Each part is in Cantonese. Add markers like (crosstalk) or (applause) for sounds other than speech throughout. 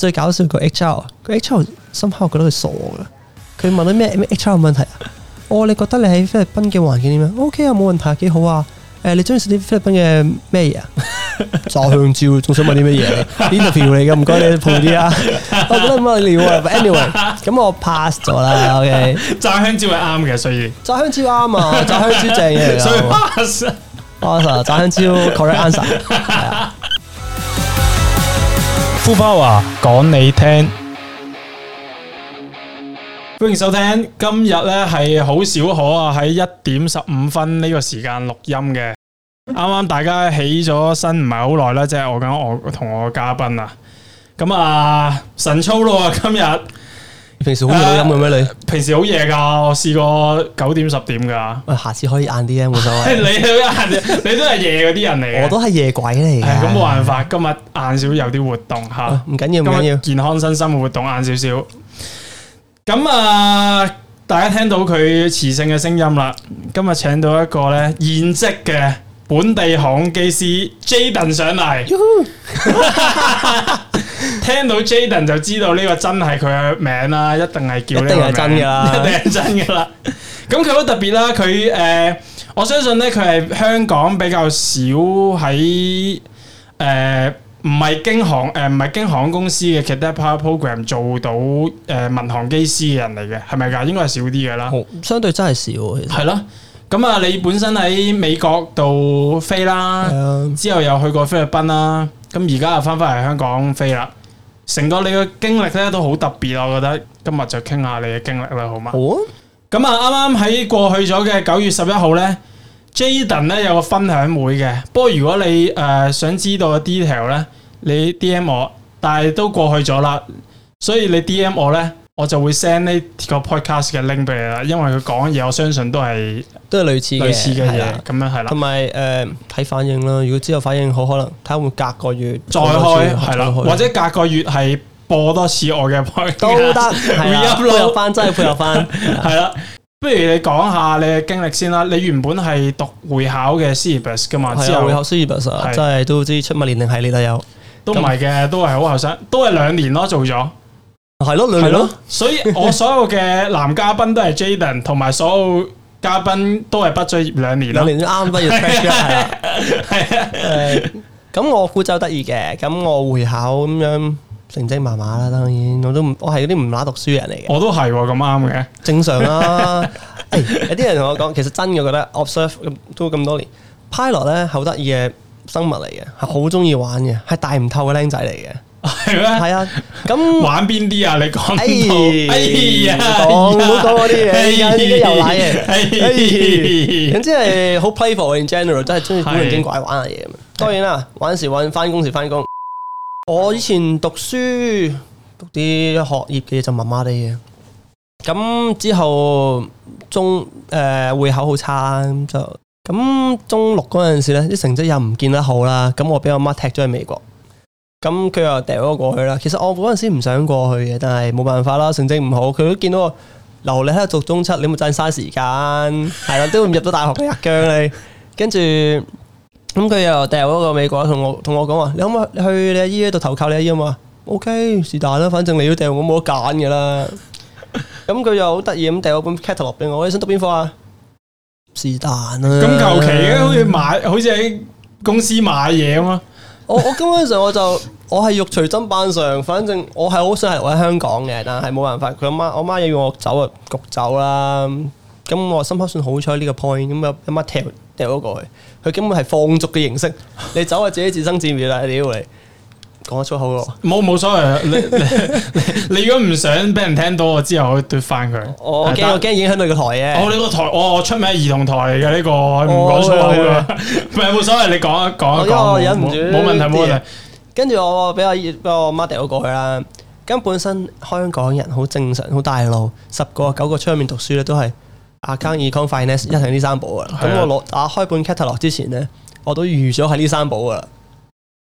最搞笑個 HR，個 HR 深刻覺得佢傻嘅。佢問到咩？咩 HR 問題啊？哦你覺得你喺菲律賓嘅環境點樣？O K 啊，冇問題，幾好啊。誒，你中意食啲菲律賓嘅咩嘢啊？炸香蕉，仲想問啲咩嘢？Interview 嚟嘅，唔該你鋪啲啊。我覺得唔好料啊。Anyway，咁我 pass 咗啦。O K，炸香蕉係啱嘅，所以炸香蕉啱啊，炸香蕉正嘅。所以 pass，pass，炸香蕉，correct answer。富包啊，講你聽，歡迎收聽。今日咧係好少可啊，喺一點十五分呢個時間錄音嘅。啱啱大家起咗身唔係好耐啦，即係我講我同我嘅嘉賓啊。咁啊，神操咯今日。平時好夜好音嘅咩你？平時好夜噶，我試過九點十點噶。喂，下次可以晏啲啊，冇所謂。你都晏啲，你都係夜嗰啲人嚟，我都係夜鬼嚟。係咁冇辦法，今日晏少有啲活動吓，唔緊要，唔緊要，健康身心嘅活動晏少少。咁啊，大家聽到佢磁性嘅聲音啦，今日請到一個咧現職嘅本地航空機師 Jaden 上嚟。聽到 Jaden 就知道呢個真係佢嘅名啦，一定係叫呢個名，一定係真嘅啦。 (laughs) 一定係真嘅啦。咁佢好特別啦，佢誒、呃，我相信咧，佢係香港比較少喺誒唔係經航誒唔係經航空公司嘅 Cadet Power Program 做到誒、呃、民航機師嘅人嚟嘅，係咪噶？應該係少啲嘅啦，相對真係少。係咯，咁啊，你本身喺美國度飛啦，嗯、之後又去過菲律賓啦，咁而家又翻翻嚟香港飛啦。成個你嘅經歷咧都好特別啊！我覺得今日就傾下你嘅經歷啦，好嘛？咁啊，啱啱喺過去咗嘅九月十一號呢 Jaden 呢有個分享會嘅。不過如果你誒想知道個 detail 呢，你 D M 我，但係都過去咗啦，所以你 D M 我呢。我就會 send 呢個 podcast 嘅 link 俾你啦，因為佢講嘢，我相信都係都係類似類似嘅嘢，咁樣係啦。同埋誒睇反應咯，如果之後反應好，可能睇下會隔個月再開，係啦，或者隔個月係播多次我嘅 podcast，配合翻，真係配合翻，係啦。不如你講下你嘅經歷先啦。你原本係讀會考嘅 Cerb 嘅嘛？係啊，會考 Cerb 啊，即係都知出乜年齡係你都有，都唔係嘅，都係好後生，都係兩年咯，做咗。係咯，兩年咯，所以我所有嘅男嘉賓都係 Jaden，同埋所有嘉賓都係畢咗業兩年，兩年都啱畢業出嚟啦。咁、 (laughs) (laughs) 嗯、我古就得意嘅，咁我會考咁樣成績麻麻啦，當然我都唔，我係嗰啲唔乸讀書人嚟嘅，我都係咁啱嘅，正常啦，啊哎。有啲人同我講，其實真嘅覺得 observe 都咁多年，Pilot 咧好得意嘅生物嚟嘅，係好中意玩嘅，係大唔透嘅僆仔嚟嘅。係咩？係啊，咁玩邊啲啊？你講邊套？哎呀，唔好講嗰啲嘢，哎呀，又係嘅，哎，總之係好 playful in general，真係中意古靈精怪玩下嘢。當然啦，玩時玩，翻工時翻工。我以前讀書讀啲學業嘅嘢就麻麻哋嘅。咁之後中誒會考好差，咁就咁中六嗰陣時咧，啲成績又唔見得好啦，咁我俾我媽踢咗去美國。咁佢又掉我過去啦。其實我嗰陣時唔想過去嘅，但係冇辦法啦。成績唔好，佢都見到我留你喺度讀中七，你咪真嘥時間係啦，都唔入到大學嘅姜你。跟住咁佢又掉咗個美國同我同我講話，你可唔可以去你阿姨度投靠你啊嘛？OK，是但啦，反正你要掉，我冇得揀噶啦。咁佢又好得意咁掉咗本 catalog 俾我，你想讀邊科啊？是但啦，咁求其嘅，好似買，好似喺公司買嘢咁啊。我我根本上我就我係欲除砧板上，反正我係好想係我喺香港嘅，但係冇辦法，佢阿媽我媽要我走啊，焗走啦。咁我深刻算好彩呢個 point，咁阿阿媽掉掉咗過去，佢根本係放逐嘅形式，你走啊自己自生自滅啦，屌你，你！講得出口噶冇冇所謂。你如果唔想俾人聽到，我之後可以奪翻佢。我驚我驚影響到你個台嘅。哦，呢個台我出名兒童台嚟嘅，呢個唔講粗口噶唔係冇所謂。你講一講一講。因為我忍唔住。冇問題，冇問題。跟住我比較，我媽掉咗過去啦。咁本身香港人好正常，好大路，十個九個出面讀書咧，都係 accounting、finance 一係呢三部啊。咁我攞打開本 catalog 之前咧，我都預咗係呢三本噶啦。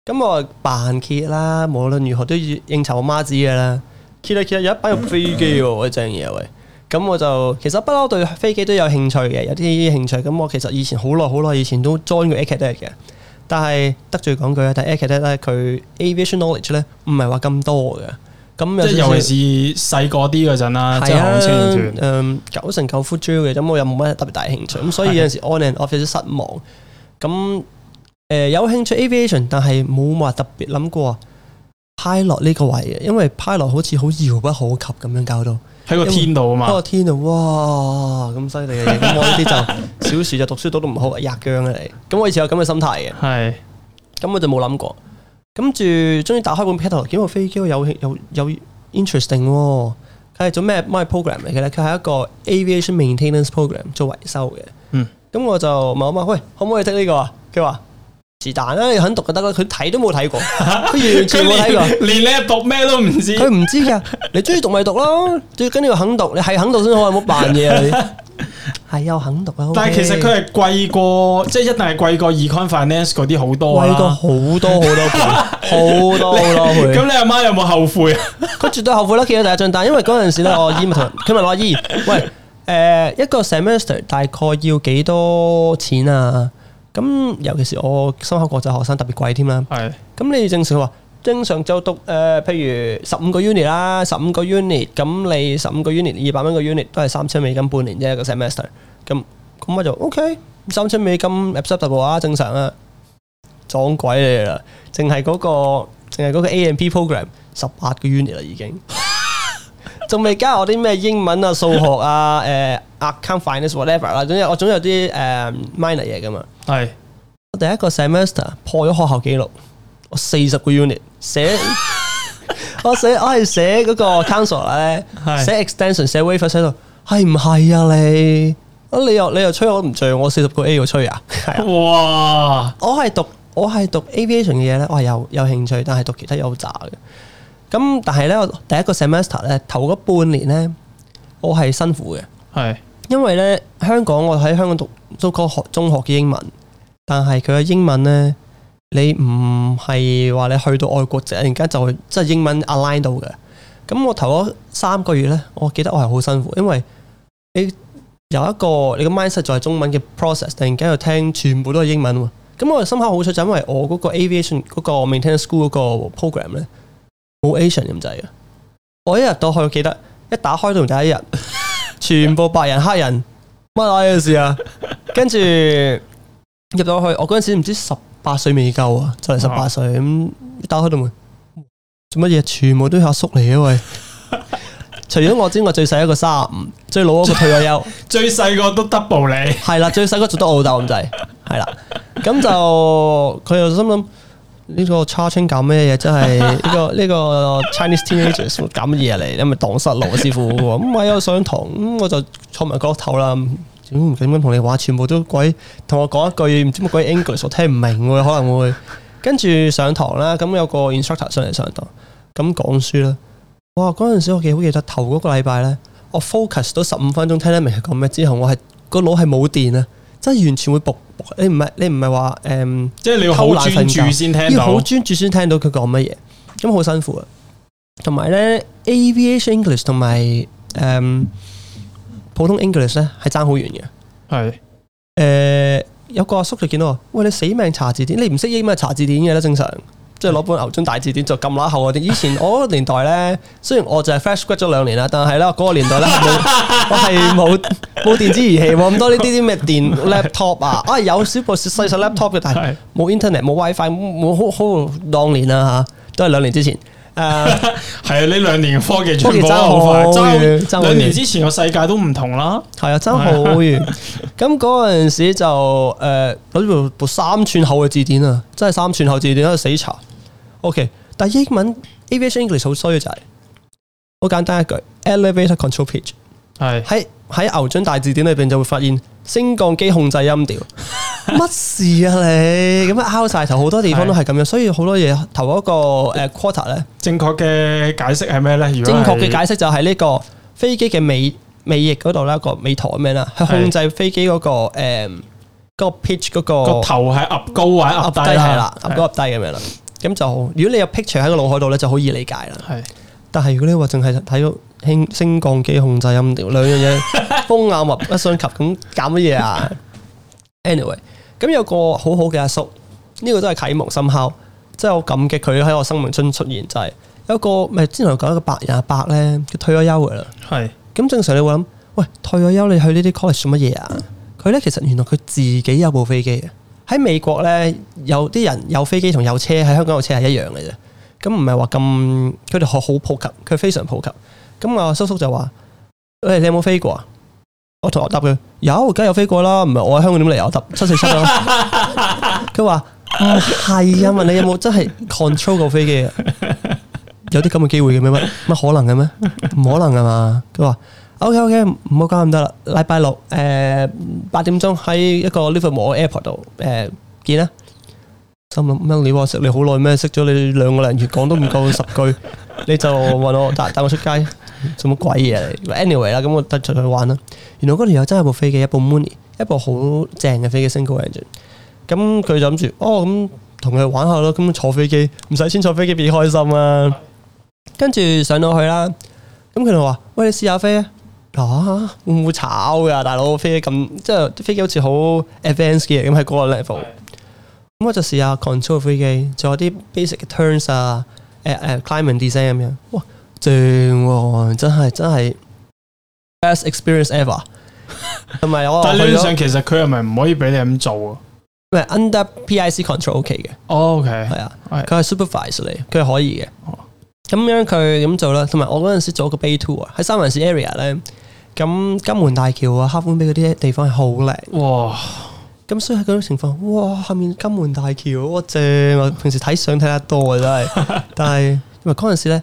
咁我扮揭啦，無論如何都要應酬我媽子嘅啦。揭實揭實有一班用飛機喎，喂正嘢喂。咁我就其實不嬲對飛機都有興趣嘅，有啲興趣。咁我其實以前好耐好耐以前都 join 過 air cadet 嘅，但係得罪講句啊，但 air cadet 咧佢 aviation knowledge 咧唔係話咁多嘅。咁即係尤其是細個啲嗰陣啦，即係航空青年團，嗯，九、啊嗯、成九非洲嘅，咁我又冇乜特別大興趣。咁的所以有陣時 on and off 我有啲失望。咁誒，有興趣 aviation，但係冇話特別諗過 pilot 呢個位嘅，因為 pilot 好似好遙不可及咁樣搞到喺個天度啊嘛，天度哇，咁犀利嘅，咁我呢啲就小時就讀書讀得唔好，弱姜啊你，咁我以前有咁嘅心態嘅，係，咁我就冇諗過，跟住終於打開本 pilot，見到飛機有有有 interesting，佢係做咩 my program 嚟嘅咧？佢係一,一個 aviation maintenance program 做維修嘅，嗯，咁我就問啊媽，喂，可唔可以識呢個啊？佢、hm、話。是但啦，你肯讀就得啦。佢睇都冇睇過，佢完全冇睇過連，連你讀咩都唔知。佢唔知噶，你中意讀咪讀咯。 (laughs) 最緊要肯讀，你係肯讀先好，有冇扮嘢？你係有肯讀噶。Okay、但係其實佢係貴過，即係一定係貴過 econ finance 嗰啲好多、啊，貴過好多好多倍，好 (laughs) 多好多。咁你阿媽有冇後悔啊？佢 (laughs) 絕對後悔啦，見到第一張單，因為嗰陣時咧我姨咪同佢問我姨，喂，誒、呃，一個 semester 大概要幾多錢啊？咁尤其是我收下國際學生特別貴添啦。咁的你正常話，正常就讀誒、呃，譬如十五個 unit 啦，十五個 unit，咁你十五個 unit 二百蚊個 unit 都係三千美金半年啫個 semester。咁咁我就 O K，三千美金 acceptable 啊。正常啊。撞鬼你啦！淨係嗰個淨係嗰個 A&P program 十八個 unit 啦已經，仲未 (laughs) 加我啲咩英文啊、數學啊、誒、 (laughs) 啊。呃 account finance whatever 啦是，總之我總有啲誒 minor 嘢噶嘛。係我第一個 semester 破咗學校記錄，我四十個 unit 寫， (laughs) 寫，我寫我係寫嗰個 counsel 咧， (laughs) 寫 extension 寫 waiver，寫到係唔係啊你？你又你又吹我唔著，我四十個 A 要吹啊？啊哇！我係讀我係讀 aviation 嘅嘢咧，我係有有興趣，但係讀其他又好渣嘅。咁但係咧，我第一個 semester 咧，頭嗰半年咧，我係辛苦嘅。係，因為咧香港我喺香港讀都講學中學嘅英文，但係佢嘅英文咧，你唔係話你去到外國，突然間就即就英文 align 到度嘅。咁我頭嗰三個月咧，我記得我係好辛苦，因為你有一個你嘅 mindset 就係中文嘅 process，突然間又聽全部都係英文喎。咁我心口好彩就因為我嗰個 aviation 嗰個 maintain、er、school 嗰個 program 咧，冇 Asian 咁滯嘅。我一日到去記得一打開到第一日。 (laughs) 全部白人黑人乜嘢事啊？跟住入到去，我嗰陣時唔知十八歲未夠啊，就係十八歲，咁打開度門做乜嘢，全部都係阿叔嚟嘅喂，除咗我之外最細一個三十五，最老一個退咗休，最細個都 double 你係啦，最細個做到老豆咁滯係啦，咁就佢又心諗。呢個 charging 搞咩嘢？真係呢個呢、這個 Chinese teenagers 搞乜嘢嚟？咁咪蕩失路師傅咁喺有上堂，咁、嗯、我就坐埋個頭啦。點唔點樣同你話？全部都鬼，同我講一句唔知乜鬼 English，我聽唔明喎，可能會跟住上堂啦。咁、嗯、有個 instructor 上嚟上堂，咁、嗯、講書啦。哇！嗰陣時我記唔記得頭嗰個禮拜咧，我 focus 咗十五分鐘聽得明係講咩，之後我，我係個腦係冇電啊！真係完全會仆仆，你唔係你唔係話誒，即係你要好專注先聽到，要好專注先聽到佢講乜嘢，咁好辛苦啊！同埋咧，Aviation English 同埋誒普通 English 咧，係爭好遠嘅，係誒是、呃、有個阿叔，叔就見到，喂，你死命查字典，你唔識英文，查字典嘅啦，正常。即係攞本牛津大字典就撳乸厚嘅啲，以前我個年代咧，雖然我就係 fresh graduate 咗兩年啦，但係咧嗰個年代咧，冇 (laughs) 我係冇冇電子儀器，冇咁多呢啲啲咩電 (laughs) laptop 啊，啊有少部細細 laptop 嘅，但係冇 internet 冇 wifi，冇好好當年啊吓，都係兩年之前，誒係啊呢 (laughs) 兩年科技進步好快，兩年之前個世界都唔同啦，係啊，爭好遠，咁嗰陣時就誒攞部三寸厚嘅字典啊，真係三寸厚字典喺度死查。O.K. 但英文 Aviation English 好衰嘅就係好簡單一句 Elevator Control Pitch 係，喺喺牛津大字典裏邊就會發現升降機控制音調，乜事啊？你咁樣拗晒頭，好多地方都係咁樣，所以好多嘢頭個誒 quarter 咧正確嘅解釋係咩咧？正確嘅解釋就係呢個飛機嘅尾尾翼嗰度啦，個尾舵咁樣啦，去控制飛機嗰個誒個 pitch 嗰個個頭係 up 高或 up 低係啦 up 高 up 低咁樣啦。咁就好，如果你有 picture 喺個腦海度咧，就好易理解啦。係是，但係如果你話淨係睇到升升降機控制音調，兩 (laughs) 樣嘢風馬牛不相及，咁搞乜嘢啊 (laughs) ？Anyway，咁有個好好嘅阿叔，呢、這個都係啟蒙心敲，即係我感激佢喺我生命中出現。就係、是、有一個咪之前講一個白人阿伯咧，佢退咗休噶啦。係是，咁正常你會諗，喂，退咗休你去呢啲 college 做乜嘢啊？佢咧其實原來佢自己有部飛機嘅。喺美國咧，有啲人有飛機同有車，喺香港有車係一樣嘅啫。咁唔係話咁，佢哋學好普及，佢非常普及。咁我叔叔就話：誒、hey，你有冇飛過啊？我同我答佢：有，梗係有飛過啦。唔係我喺香港點嚟？我搭七四七啦。佢話：唔係、 (laughs) (laughs) oh, 啊，問你有冇真係 control 過飛機？有啲咁嘅機會嘅咩？乜可能嘅咩？唔 (laughs) 可能㗎嘛？佢話。O K O K，唔好講咁多啦！禮拜六誒八點鐘喺一個 Liverpool Airport 度誒見啦。心諗咩你話識你好耐咩？識咗你兩個零月，講都唔夠十句，你就問我帶帶我出街做乜鬼嘢嚟？Anyway 啦，咁我得出去玩啦。原來嗰條友真係部飛機，一部 Money，一部好正嘅飛機 Single Engine。咁佢就諗住哦，咁同佢玩下咯。咁坐飛機唔使先坐飛機，幾開心啊！跟住上到去啦，咁佢就話：喂，你試下飛啊！吓、啊，會唔會炒㗎，大佬？飛機咁即係啲飛機好似好 advanced 嘅，咁喺嗰個 level。咁的、嗯、我就試下 control 飛機，做啲 basic turns 啊，誒，誒，climbing design 咁樣。哇！正喎，哦，真係真係 best experience ever。同埋我，但係理論上其實佢係咪唔可以俾你咁做啊？唔係、嗯、under PIC control OK 嘅。OK，係啊，佢係 supervise 你，佢係可以嘅。咁樣佢咁做啦。同埋我嗰陣時做一個 bay tour 喺三藩市 area 咧。咁金門大橋啊、黑碗陂嗰啲地方係好靚，哇！咁所以嗰種情況，哇！下面金門大橋，哇正！啊！ (laughs) 平時睇相睇得多啊，真係。但係唔係嗰陣時咧，誒、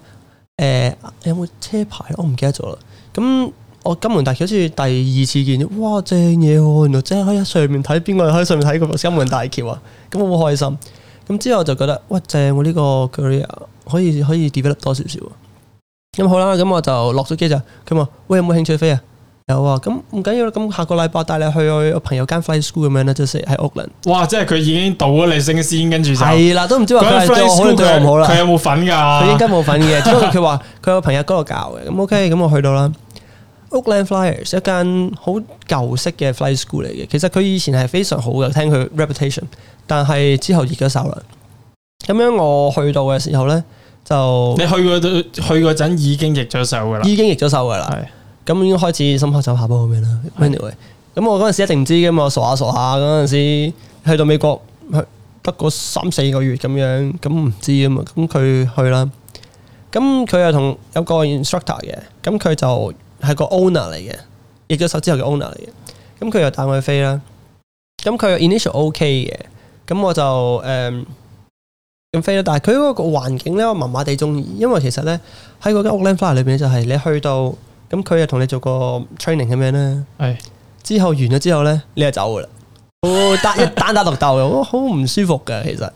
呃，你有冇車牌？我唔記得咗啦。咁我金門大橋好似第二次見，哇正嘢喎！原來真係可以喺上面睇，邊個可以喺上面睇個金門大橋啊？咁我好開心。咁之後我就覺得，哇正！我呢、這個 career 可以可以 develop 多少少啊！咁、嗯、好啦，咁、嗯、我就落咗機就，佢話，喂，有冇興趣飛啊？有啊，咁唔緊要啦，咁、嗯、下個禮拜帶你去我朋友間 fly school 咁樣咧，就係喺 Oakland 哇，即係佢已經倒咗你升先，跟住就係啦，都唔知話係我，定唔好啦。佢有冇份噶？佢應該冇份嘅，因為佢話佢有朋友嗰度教嘅。咁、嗯、OK，咁、嗯、我去到啦。 (laughs) Oakland Flyers 一間好舊式嘅 fly school 嚟嘅，其實佢以前係非常好嘅，聽佢 reputation，但係之後而家收啦。咁樣我去到嘅時候咧。就你去嗰度去陣已經逆咗手噶啦，已經逆咗手噶啦，咁是已經開始深刻走下波咩啦？Anyway，咁是我嗰陣時一定唔知噶嘛，傻下傻下嗰陣時去到美國，得個三四個月咁樣，咁唔知啊嘛，咁佢去啦，咁佢又同有個 instructor 嘅，咁佢就係個 owner 嚟嘅，逆咗手之後嘅 owner 嚟嘅，咁佢又帶我去飛啦，咁佢 initial OK 嘅，咁我就誒。嗯咁飛啦，但係佢嗰個環境咧，我麻麻地中意，因為其實咧喺嗰間屋靚 fly、er、裏邊就係你去到，咁佢又同你做個 training 咁樣咧，係是之後完咗之後咧，你就走噶啦，單、 (laughs) 哦、一單打獨鬥，我好唔舒服噶，其實。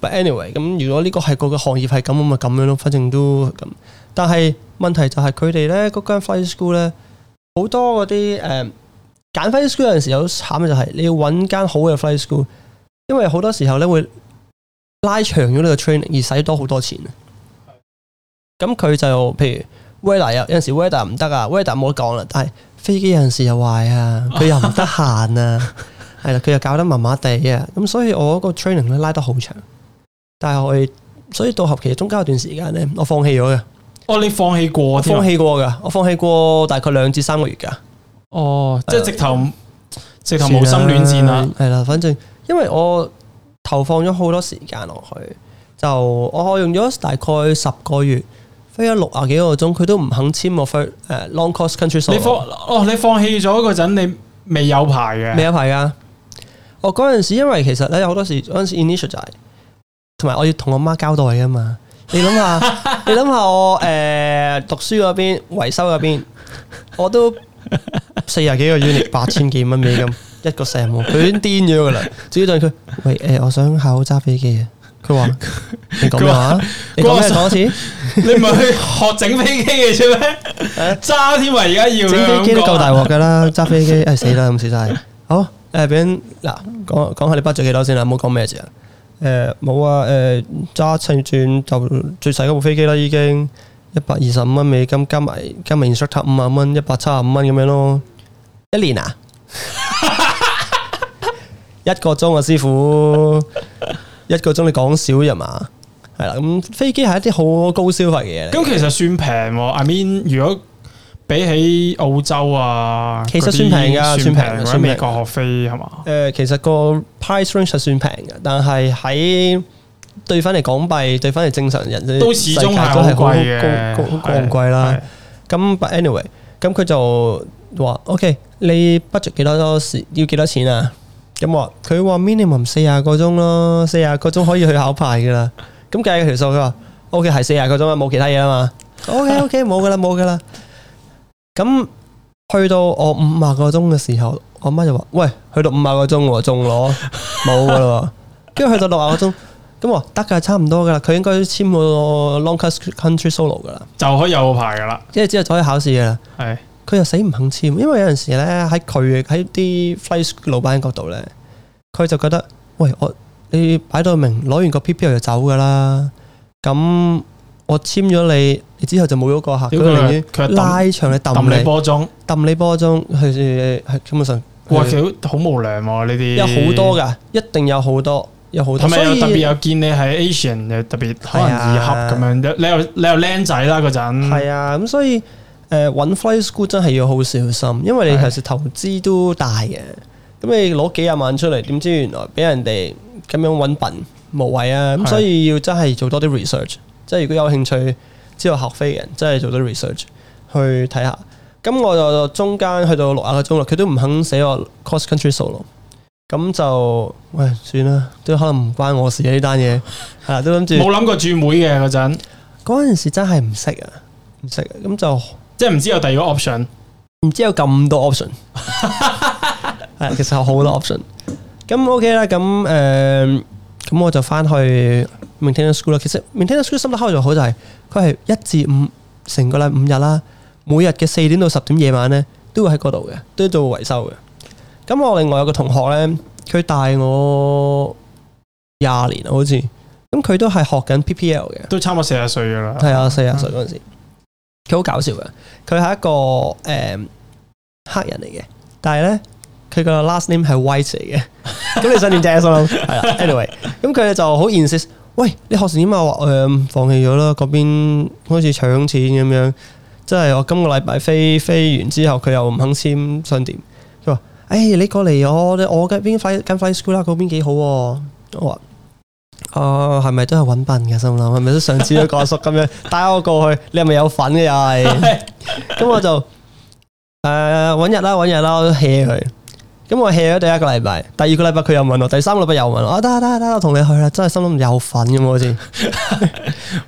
But anyway，咁如果呢個係個個行業係咁，咁咪咁樣咯，反正都咁。但係問題就係佢哋咧嗰間 fly school 咧，好多嗰啲誒簡飛 school 有陣時有慘嘅就係你要揾間好嘅 fly school，因為好多時候咧會。拉長咗呢個 training 而使多好多錢啊！咁佢就譬如 weather 有陣時 weather 唔得啊，weather 冇得講啦。但係飛機有陣時又壞啊，佢又唔得閒啊，係啦， (laughs) 佢又搞得麻麻地啊。咁所以我個 training 咧拉得好長，但係我所以到後期中間有段時間咧，我放棄咗嘅。哦，你放棄過？放棄過噶、啊，我放棄過大概兩至三個月噶。哦，即係直頭、呃、直頭冇心戀戰啊。係啦，反正因為我。投放咗好多時間落去，就我用咗大概十個月，飛咗六啊幾個鐘，佢都唔肯簽我飛誒、uh，long cross country 你放。哦，你放棄咗嗰陣，你未有牌嘅？未有牌噶。我嗰陣時，因為其實咧好多時，嗰陣時 initial 就係，同埋我要同我媽交代啊嘛。你諗下， (laughs) 你諗下我誒、呃、讀書嗰邊維修嗰邊，我都四啊幾個 unit，八千幾蚊美金。一個成喎，佢癲咗噶啦！主要就係佢，喂，誒，我想考揸飛機啊！佢話他你講咩話？說你講嘅錯錢？你唔係去學整飛機嘅啫咩？揸添、 (laughs) 哎呃呃、啊！而家要整飛機都夠大鑊噶啦，揸飛機誒死啦咁死晒！好誒，變嗱講講下你 budget 幾多先啦，冇講咩字啊？誒，冇啊！誒，揸趁轉就最細嗰部飛機啦，已經一百二十五蚊美金，加埋加埋 instruction 五十蚊，一百七十五蚊咁樣咯。一年啊？ (laughs) 一個鐘啊，師傅， (laughs) 一個鐘你講笑呀嘛，係啦。咁飛機係一啲好高消費嘅嘢。咁其實算平喎。I mean，如果比起澳洲啊，其實算平㗎，算平。如果美國學飛係嘛？誒，其實個 price range 係算平嘅，但係喺兌翻嚟港幣，兌翻嚟正常人都始終係都係貴嘅，好貴啦。咁 But anyway，咁佢就話：OK，你 budget 幾多多？要幾多錢啊？咁我佢話 minimum 四十個鐘咯，四十個鐘可以去考牌噶啦。咁計下條數，佢話 O K 係四十個鐘啊，冇其他嘢啊嘛。O K O K 冇噶啦，冇噶啦。咁去到我五十個鐘嘅時候，我媽就話：喂，去到五十個鐘仲攞冇噶啦。跟住去到六十個鐘，咁話得噶，差唔多噶啦。佢應該簽個 long cross country solo 噶啦，就可以有牌噶啦，即係之後就可以考試噶啦。係。佢又死唔肯簽，因為有陣時咧，喺佢喺啲 flight school 老闆嗰度咧，佢就覺得喂，我你擺到明攞完個 P P 就走噶啦，咁我簽咗你，你之後就冇咗個客，佢寧願拉長你揼你波鐘揼你波鐘，佢係基本上哇，好無良呢啲，有好多噶，一定有好多有好多，係咪？特別有見你喺 Asian 特別可能二合咁樣，你又你又僆仔啦嗰陣，係啊咁所以。誒、嗯、搵 flight school 真係要好小心，因為你其實投資都大嘅，咁的你攞幾廿萬出嚟，點知原來俾人哋咁樣搵笨無謂啊！咁的所以要真係做多啲 research，即係如果有興趣知道學飛嘅人真係做多啲 research 去睇下。咁我就中間去到六十個鐘啦，佢都唔肯寫我 cost country so 咯，咁就喂，算啦，都可能唔關我事嘅呢單嘢，吓 (laughs) 都諗住冇諗過轉會嘅嗰陣，嗰陣時真係唔識啊，唔識啊咁就。即係唔知有第二個 option，唔知有咁多 option，係 (laughs) 其實好多 option。咁 OK 啦，咁誒，咁、呃、我就翻去 maintain t h school 啦。其實 maintain t h school 心得好就好就係，佢係一至五成個禮五日啦，每日嘅四點到十點夜晚咧，都會喺嗰度嘅，都做維修嘅。咁我另外有個同學咧，佢大我廿年好似，咁佢都係學緊 PPL 嘅，都差唔多四十歲噶啦，係、嗯、啊，四十歲嗰陣時。嗯佢好搞笑嘅，佢係一個誒、嗯、黑人嚟嘅，但係咧佢個 last name 係 White 嚟嘅。咁你信唔信真係？係 anyway 咁佢咧就好 insist 喂，你學成點啊？話誒放棄咗啦，嗰邊好似搶錢咁樣。真係、嗯、我今個禮拜飛飛完之後，佢又唔肯簽。商店。佢話：誒，你過嚟我我嘅邊翻跟翻 school 啦，嗰邊幾好。我話。哦，係咪都係搵笨嘅，心諗，係咪都上次都講熟咁樣，帶我過去，你係咪有份嘅又係？咁、哎 (laughs) 嗯、我就誒搵日啦，搵日啦，hea 佢。咁我 hea 咗第一個禮拜，第二個禮拜佢又問我，第三個禮拜又問我，得得得我同、哎哎、你去啦，真係心諗有份咁好似，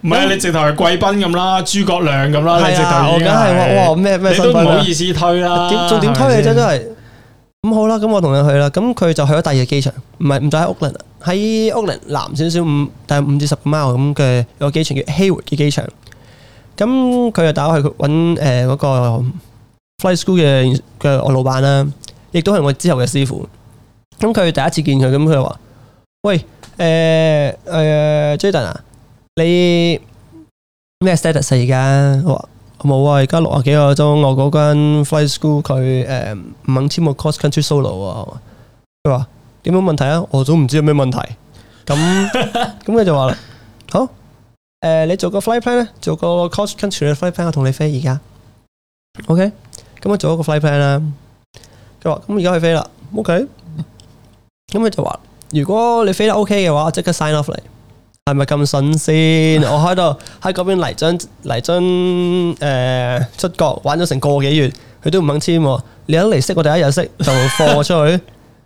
唔係 (laughs) 你直頭係貴賓咁啦，諸葛亮咁啦，你直頭。我梗係話，咩、哦、咩，你都唔好意思推啦，做點、啊、推你真係。咁吧好啦，咁我同你去啦，咁佢就去咗第二個機場，唔係唔再喺屋啦。喺屋崙南少少五，但係五至十蚊咁嘅有個機場叫 Haywood 嘅機場，咁佢就打去搵誒嗰個 fly school 嘅嘅我老闆啦，亦都係我之後嘅師傅。咁佢第一次見佢，咁佢就話：，喂，誒、呃、誒、呃、，Jaden 啊，你咩 status 而家？我冇啊，而家六十幾個鐘，我嗰間 fly school 佢誒唔肯簽個 cross country solo 啊。佢話。有冇問題啊？我都唔知有咩問題。咁咁佢就話啦，好、啊，誒、呃，你做個 flight plan 咧，做個 coast country 嘅你 flight plan，我同你飛而家。OK，咁我做一個 flight plan 啦。佢話咁而家去以飛啦。OK，咁佢 (laughs) 就話，如果你飛得 OK 嘅話，我即刻 sign off 嚟。係咪咁順先？我喺度喺嗰邊嚟張嚟張誒出國玩咗成個幾月，佢都唔肯簽。你一嚟識，我第一日識就放我出去。 (laughs)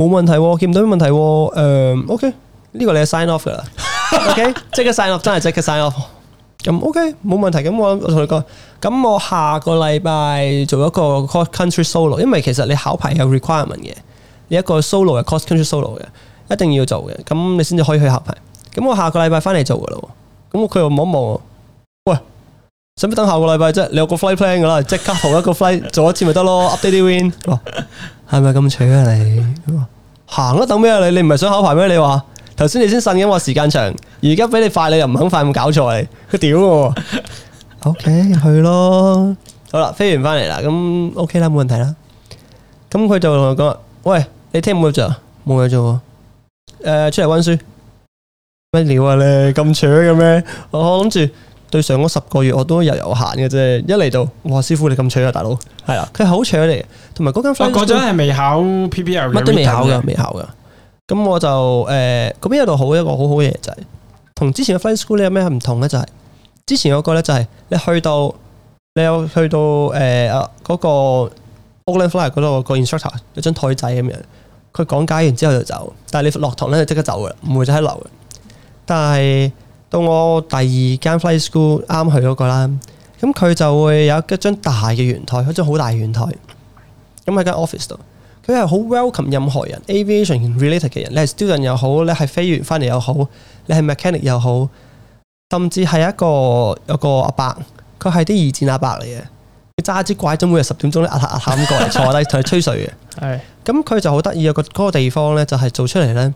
冇問題、啊，見唔到咩問題、啊，誒、呃、OK，呢個你係 sign off 噶啦，OK，即 (laughs) 刻 sign off，真係即刻 sign off，咁、嗯、OK，冇問題，咁我我同你講，咁我下個禮拜做一個 cost country solo，因為其實你考牌有 requirement 嘅，你一個 solo 係 cost country solo 嘅，一定要做嘅，咁你先至可以去考牌，咁我下個禮拜翻嚟做噶啦，咁佢又望一望，喂，使唔使等下個禮拜即啫？你有個 flight plan 噶啦，即刻同一個 flight 做一次咪得咯，update 啲 win。 (laughs) 係咪咁蠢啊？你？行得等咩啊？你？你唔係想考牌咩你話？頭先你先呻緊我時間長，而家俾你快你又唔肯快，咁搞錯你，佢屌我。OK，去咯，好啦，飛完翻嚟啦，咁 OK 啦，冇問題啦。咁佢就同我講，喂，你聽冇嘢做啊？冇嘢做。誒，出嚟溫書。乜料啊？你？咁蠢嘅咩？我諗住。對上嗰十個月我都日日行嘅啫，一嚟到，哇！師傅你咁搶啊，大佬，係啊的，佢好搶嚟，同埋嗰間飛，我嗰陣係未考 PPL 乜都未考㗎，未考㗎。咁我就誒嗰邊、呃、有度好一個好好嘅嘢就係、是，同之前嘅飛 school 有咩唔同呢？就係、是，之前我覺得就係、是、你去到，你有去到誒啊嗰個 online flight 嗰度個 instructor、那個、有張台仔咁樣，佢講解完之後就走，但係你落堂呢，就即刻走嘅，唔會再喺留但係到我第二間 flight school 啱去嗰個啦，咁佢就會有一張大嘅圓台，一張好大嘅圓台。咁喺間 office 度，佢係好 welcome 任何人，aviation related 嘅人，你係 student 又好，你係飛行員翻嚟又好，你係 mechanic 又好，甚至係一個有個阿伯，佢係啲二戰阿伯嚟嘅，揸支拐杖每日十點鐘咧，壓下壓下咁過嚟坐低同佢吹水嘅。係，咁佢就好得意啊！個個地方呢就係做出嚟呢。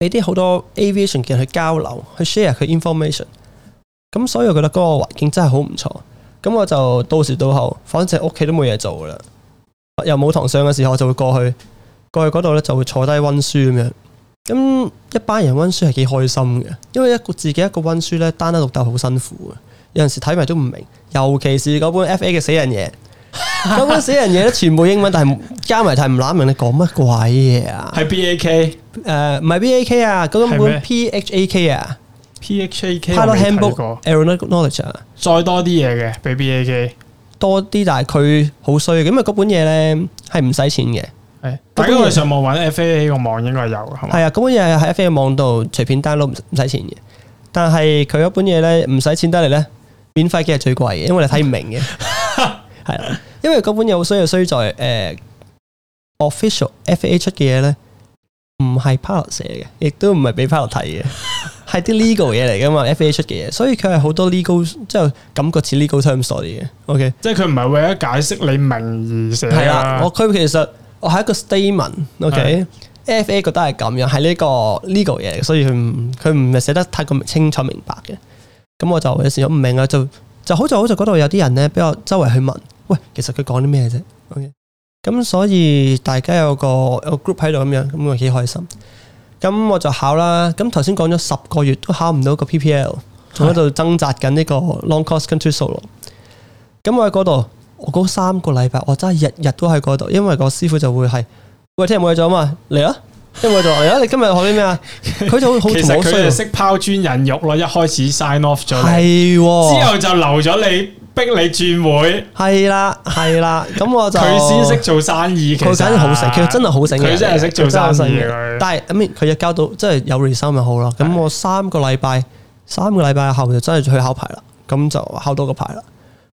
俾啲好多 aviation 嘅人去交流，去 share 佢 information。咁所以我覺得嗰個環境真係好唔錯。咁我就到時到候，反正屋企都冇嘢做啦。又冇堂上嘅時候，我就會過去過去嗰度咧，就會坐低溫書咁樣。咁一班人溫書係幾開心嘅，因為一個自己一個溫書咧，單打獨鬥好辛苦嘅。有陣時睇埋都唔明，尤其是嗰本 FA 嘅死人嘢，嗰 (laughs) (laughs) 本死人嘢咧，全部英文，但係加埋題唔諗明，你講乜鬼嘢啊？係 BAK。誒，唔係 B A K 啊，嗰本本 P H A K 啊，P H A K，睇到 handbook，aeronautical knowledge 啊，再多啲嘢嘅，俾 B A K 多啲，但係佢好衰，咁啊嗰本嘢咧係唔使錢嘅，係。大家上網揾 F A A 個網應該係有嘅，係嘛？係啊，嗰本嘢喺 F A A 網度隨便 download 唔唔使錢嘅，但係佢嗰本嘢咧唔使錢得嚟咧，免費嘅係最貴嘅，因為你睇唔明嘅，係啦，因為嗰本嘢好衰，就衰在誒 official F A 出嘅嘢咧。唔係帕特寫嘅，亦都唔係俾帕特睇嘅，係啲 legal 嘢嚟噶嘛。F A 出嘅嘢，所以佢係好多 legal，即係感覺似 legal terms 嗰啲嘢。O K，即係佢唔係為咗解釋你明而寫啊。我佢其實我係一個 statement。O K，F A 覺得係咁樣，係呢個 legal 嘢，所以佢唔佢唔係寫得太過清楚明白嘅。咁我就有時我唔明啊，就就幸好在好在嗰度有啲人咧，比較周圍去問，喂，其實佢講啲咩啫？O K。Okay? 咁、嗯、所以大家有個有個 group 喺度咁樣，咁我幾開心。咁我就考啦。咁頭先講咗十個月都考唔到個 PPL，仲喺度掙扎緊呢個 long cost control 咁我喺嗰度，我嗰三個禮拜我真係日日都喺嗰度，因為個師傅就會係喂聽日冇嘢做啊嘛，嚟啊，聽日冇嘢做啊， (laughs) 你今日學啲咩啊？佢就好 (laughs) 其實佢就識拋磚引玉咯，一開始 sign off 咗，係、哦、之後就留咗你。逼你轉會係啦，係啦， (laughs) 咁我就佢先識做生意嘅，佢真係好醒，其實真係好醒，佢真係識做生意嘅，但係咁，佢一交到即係有 reason 咪好啦。咁的我三個禮拜，三個禮拜後就真係去考牌啦。咁就考到個牌啦。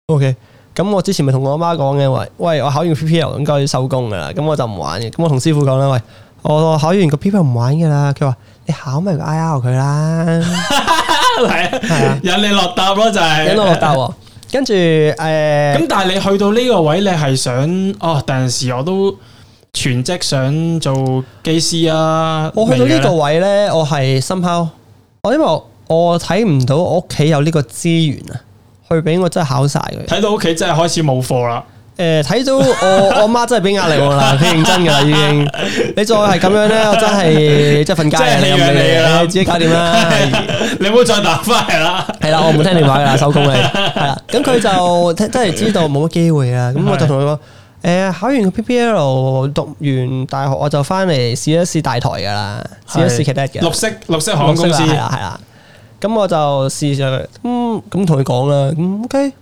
OK，咁我之前咪同我媽講嘅話，喂，我考完 PPL 應該要收工噶啦。咁我就唔玩嘅。咁我同師傅講啦，喂，我考完 P 考個 PPL 唔玩噶啦。佢話你考埋個 IR 佢啦，係啊對，引你落答咯 (laughs) 就係引落落跟住，誒、欸，咁但係你去到呢個位你，你係想哦？第陣時我都全職想做機師啊！我去到呢個位呢，我係心拋，我因為我睇唔到我屋企有呢個資源啊，去俾我真係考晒嘅，睇到屋企真係開始冇貨啦。誒，睇到我我阿媽真係俾壓力我啦，佢認真噶啦，已經你再係咁樣咧，我真係即係瞓街，你係咪你自己搞掂啦？你唔好再打翻嚟啦！係啦，我唔聽電話噶啦，收工你係啦。咁佢就真係知道冇乜機會啊。咁我就同佢講，誒啊，考完 PPL 讀完大學，我就翻嚟試一試大台噶啦，試一試其他嘅綠色綠色航空公司係啦係啦。咁我就試上去咁咁同佢講啦。咁 OK，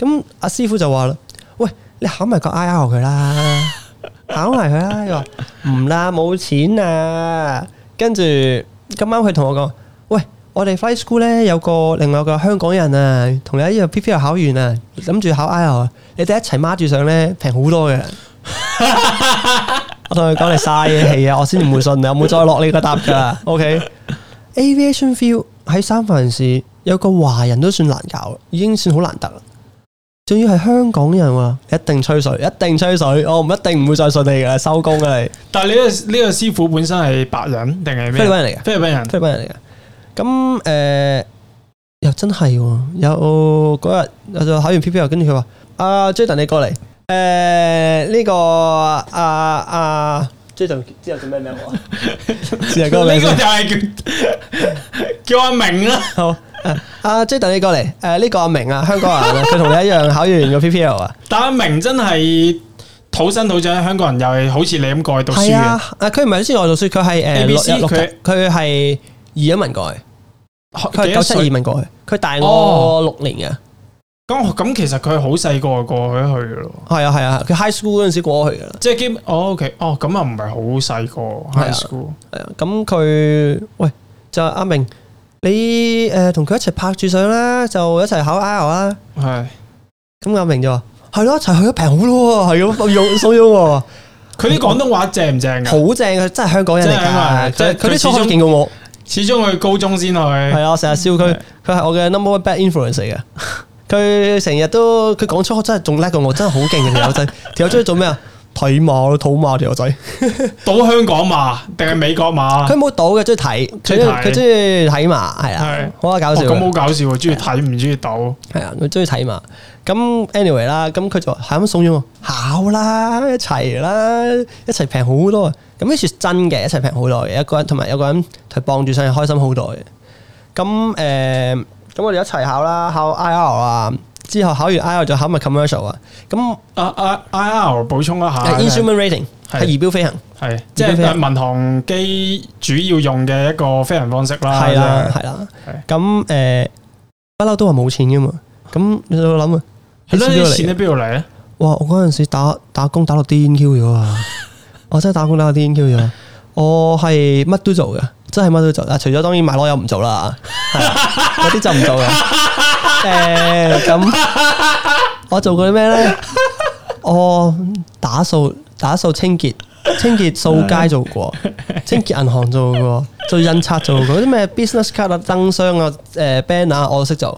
咁阿師傅就話啦。喂，你考埋個 I R 佢啦，考埋佢啦。佢話唔啦，冇錢啊。跟住今晚佢同我講，喂，我哋 Flight School 咧有個另外個香港人啊，同你一樣 P P 又考完啊，諗住考 I R，你哋一齊孖住上咧，平好多嘅。我同佢講你嘥氣啊，我先唔會信，我冇再落你個答噶。O K，Aviation Field 喺三藩市有個華人都算難搞，已經算好難得啦。仲要係香港人喎，一定吹水，一定吹水，我唔一定唔會再信你㗎，收工㗎你。但係呢個呢個師傅本身係白人定係咩菲律賓人嚟嘅？菲律賓人，菲律賓人嚟嘅。咁誒，又真係有嗰日我就考完 P P A，跟住佢話阿 Jordan 你過嚟，誒呢個啊啊。Judy 鄧之後叫咩名啊？呢個就係叫叫阿明啦。好，阿 Judy 鄧你過嚟，誒呢個阿明啊，香港人啊，佢同你一樣考完個 PPL 啊。但阿明真係土生土長喺香港人，又係好似你咁過去讀書嘅。啊，佢唔係先過去讀書，佢係誒六六七，佢係移民過去，佢係九七移民過去，佢大我六年嘅。咁咁其實佢好細個過去去嘅咯，係啊，係啊，佢 high school 嗰陣時過咗去嘅，即係 game。O K，哦，咁啊唔係好細個 high school，咁佢喂就阿明，你誒同佢一齊拍住上啦，就一齊考 I L 啦。係咁阿明就話係咯，一齊去都平好多，係咁樣鬆腰。佢啲廣東話正唔正噶？好正嘅，真係香港人嚟噶，即係佢啲始終見過我。始終去高中先去，係啊，成日笑佢，佢係我嘅 number one bad influence 嚟嘅。佢成日都佢講粗口， (laughs) 真係仲叻過我，真係好勁嘅條友仔。條友中意做咩啊？睇馬，土馬條友仔。賭香港馬定係美國馬？佢冇賭嘅，中意睇。佢中意睇馬，係啊，係啊，好搞笑、哦、搞笑。咁好搞笑，中意睇唔中意賭？係啊，佢中意睇馬。咁 anyway 啦，咁佢就係咁送咗，我，考啦，一齊啦，一齊平好多。咁呢次真嘅，一齊平好多。一個人同埋有個人佢綁住上，開心好耐。咁誒。呃咁我哋一齊考啦，考 I.R. 啊，之後考完 I.R. 就考埋 commercial 啊。咁阿、uh, uh, I.R. 補充一下，instrument rating 係儀表飛行，係即係民航機主要用嘅一個飛行方式啦。係啦、啊，係啦、啊。咁誒、啊，不嬲、啊呃、都話冇錢噶嘛。咁你喺度諗啊，你攞啲錢喺邊度嚟啊？哇！我嗰陣時打打工打到 d、N、Q 咗啊！ (laughs) 我真係打工打到 d、N、Q 咗啊！我係乜都做噶。真係乜都做，嗱，除咗當然買樓又唔做啦，嗰啲 (laughs) 就唔做啦。誒、欸，咁我做過啲咩咧？我打掃、打掃、清潔、清潔、掃街做過， (laughs) 清潔銀行做過，做印刷做過，啲咩 business card、燈箱啊、誒 banner 我都識做。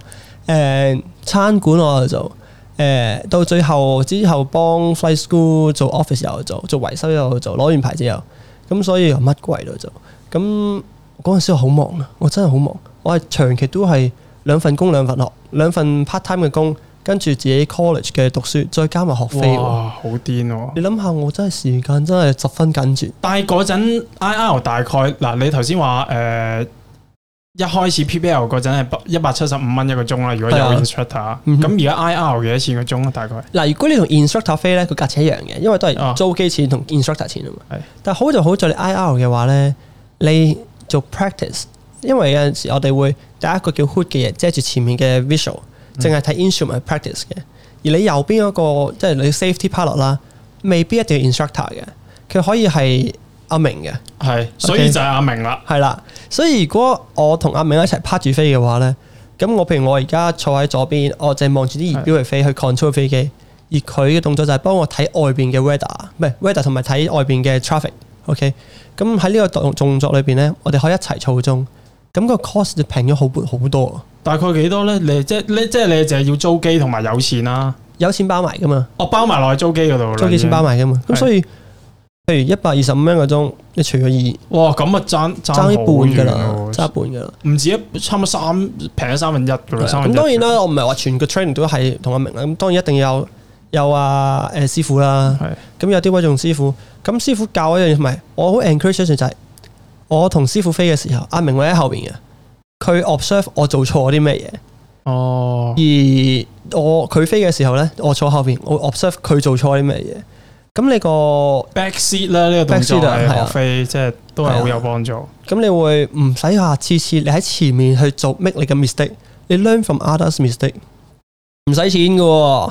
誒、欸，餐館我又做。誒、欸，到最後之後幫 fly school 做 office 又做，做維修又做，攞完牌之後，咁所以乜鬼都做。咁嗰陣時我好忙啊！我真係好忙，我係長期都係兩份工，兩份學，兩份 part time 嘅工，跟住自己 college 嘅讀書，再加埋學費。哇！好癲喎、哦！你諗下，我真係時間真係十分緊張。但係嗰陣 IR 大概嗱，你頭先話誒一開始 PPL 嗰陣係一百七十五蚊一個鐘啦，如果有 instructor。咁而家 IR 幾多錢一個鐘啊？大概嗱，如果你同 instructor 飛咧，佢價錢一樣嘅，因為都係租機錢同 instructor 錢啊嘛。但係好就好在你 IR 嘅話呢。你做 practice，因為有陣時我哋會第一個叫 hood 嘅嘢遮住前面嘅 visual，淨係睇 instrument practice 嘅。而你右邊嗰、那個即係你 safety pilot 啦，未必一定要 instructor 嘅，佢可以係阿明嘅。係，所以就係阿明啦。係啦、okay？所以如果我同阿明一齊趴住飛嘅話咧，咁我譬如我而家坐喺左邊，我淨係望住啲儀表嚟飛是去 control 飛機，而佢嘅動作就係幫我睇外邊嘅 weather，唔係 weather 同埋睇外邊嘅 traffic。OK。咁喺呢個動動作裏邊咧，我哋可以一齊操鐘，咁個 cost 就平咗好好多。大概幾多咧？你即係咧，即係你淨係要租機同埋有錢啦、啊，有錢包埋噶嘛？哦，包埋落去租機嗰度，租機錢包埋噶嘛？咁是所以，譬如一百二十五蚊個鐘，你除咗二，哇，咁啊，爭爭一半噶啦，爭一半噶啦，唔止，差唔多三平咗三分一噶啦。咁當然啦，我唔係話全個 training 都係同阿明啦，咁當然一定要。有啊，誒、呃、師傅啦、啊，咁、嗯、有啲位仲師傅，咁、嗯、師傅教我一樣嘢，唔係我好 encourage 嘅就係我同師傅飛嘅時候，阿、啊、明會喺後邊嘅，佢 observe 我做錯啲咩嘢，哦，而我佢飛嘅時候咧，我坐後邊，我 observe 佢做錯啲咩嘢，咁你個 back seat 啦，呢、這個動作學飛即係都係好有幫助。咁你會唔使話次次你喺前面去做 make 你嘅 mistake，你 learn from others mistake，唔使錢嘅喎、哦。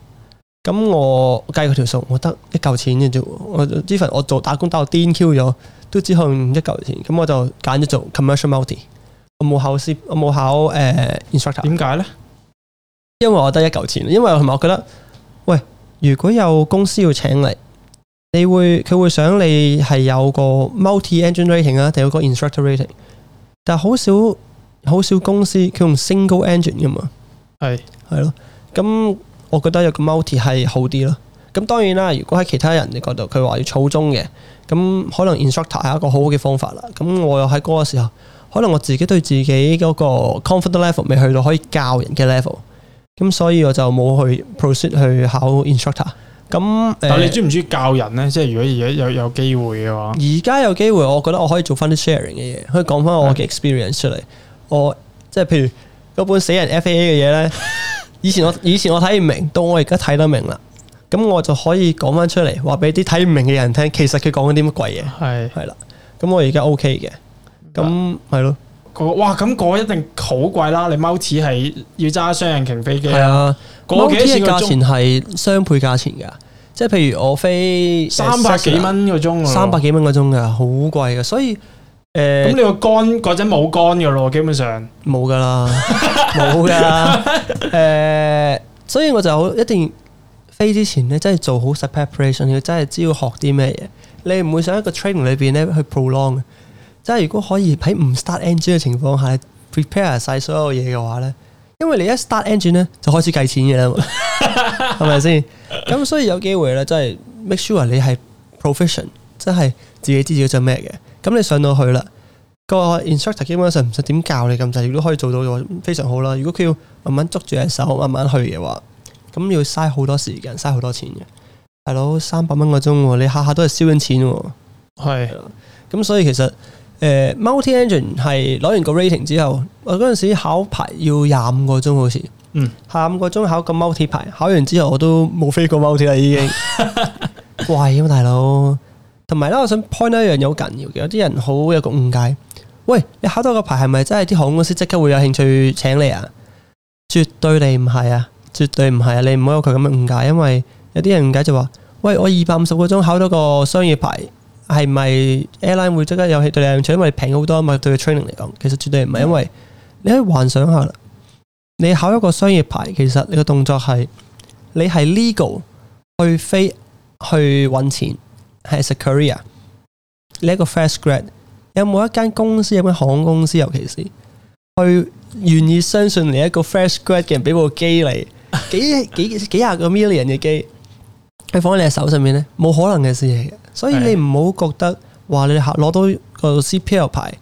咁我計佢條數，我得一嚿錢嘅啫。我之前我做打工，打到癲 Q 咗，都只可係一嚿錢。咁我就揀咗做 commercial multi 我。我冇考試，我冇考誒 instructor。點解呢？因為我得一嚿錢。因為同埋我覺得喂，如果有公司要請你，你會佢會想你係有個 multi engine rating 啊，定有個 instructor rating？但係好少好少公司佢用 single engine 噶嘛是？係係咯，咁。我覺得有個 multi 係好啲咯。咁當然啦，如果喺其他人嘅角度，佢話要儲中嘅，咁可能 instructor 係一個好好嘅方法啦。咁我又喺嗰個時候，可能我自己對自己嗰個 comfort level 未去到可以教人嘅 level，咁所以我就冇去 proceed 去考 instructor。咁、欸、但你中唔中意教人呢？即係如果而家有有機會嘅話，而家有機會，我覺得我可以做翻啲 sharing 嘅嘢，可以講翻我嘅 experience 出嚟。的我即係譬如嗰本死人 FAA 嘅嘢呢。 (laughs) 以前我，以前我睇唔明，到我而家睇得明啦，咁我就可以講翻出嚟，話俾啲睇唔明嘅人聽，其實佢講緊啲乜鬼嘢？係係啦，咁我而家 OK 嘅，咁係咯。哇，咁嗰一定好貴啦！你踎似係要揸雙引擎飛機啦，嗰嘅價錢係雙倍價錢噶，即係譬如我飛三百幾蚊個鐘，啊，三百幾蚊個鐘噶，好貴噶，所以。誒，咁、呃、你個肝或者冇肝噶咯，基本上冇噶啦，冇噶。誒、 (laughs) 呃，所以我就好一定飛之前咧，真係做好 s e preparation，要真係知要學啲咩嘢。你唔會想一個 training 裏邊咧去 prolong。即係如果可以喺唔 start engine 嘅情況下 prepare 晒所有嘢嘅話咧，因為你一 start engine 咧就開始計錢嘅啦，係咪先？咁所以有機會咧，真係 make sure 你係 profession，真係自己知道自己做咩嘅。咁你上到去啦，個 instructor 基本上唔使點教你咁滯，亦都可以做到嘅，非常好啦。如果佢要慢慢捉住隻手，慢慢去嘅話，咁要嘥好多時間，嘥好多錢嘅，大佬三百蚊個鐘，你下下都係燒緊錢。係是，咁所以其實誒、呃、multi engine 係攞完個 rating 之後，我嗰陣時考牌要廿五個鐘好似，嗯，廿五個鐘考個 multi 牌，考完之後我都冇飛過 multi 啦已經，喂， (laughs) 咁大佬。同埋啦，我想 point 一樣嘢好緊要嘅，有啲人好有個誤解。喂，你考到個牌係咪真係啲航空公司即刻會有興趣請你啊？絕對你唔係啊，絕對唔係啊！你唔好有佢咁嘅誤解，因為有啲人誤解就話，喂，我二百五十個鐘考到個商業牌，係咪 Airline 會即刻有興趣嚟請？因為平好多啊嘛，對 training 嚟講，其實絕對唔係。因為你可以幻想下啦，你考一個商業牌，其實你個動作係你係 legal 去飛去揾錢。係喺 Korea 你一個 fresh grad 有冇一間公司，有冇航空公司，尤其是去願意相信你一個 fresh grad 嘅人，俾部機你，幾幾幾廿個 million 嘅機，佢 (laughs) 放喺你手上面咧，冇 (laughs) 可能嘅事嚟嘅。所以你唔好覺得話 (laughs) 你攞到個 CPL 牌，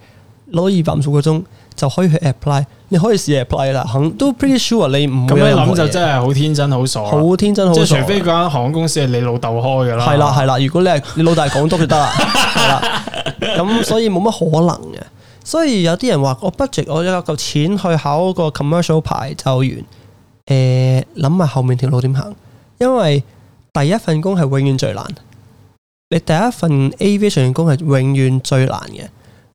攞二百五十個鐘。就可以去 apply，你可以試 apply 啦，都 pretty sure 你唔會咁樣諗，就真係好天真，好傻，好天真好傻。即係除非嗰間航空公司係你老豆開嘅啦，係啦係啦。如果你係你老大港督就得啦，係啦。 (laughs) 咁所以冇乜可能嘅。所以有啲人話我 budget 我有一嚿錢去考個 commercial 牌就完，誒諗下後面條路點行，因為第一份工係永遠最難，你第一份 aviation 工係永遠最難嘅。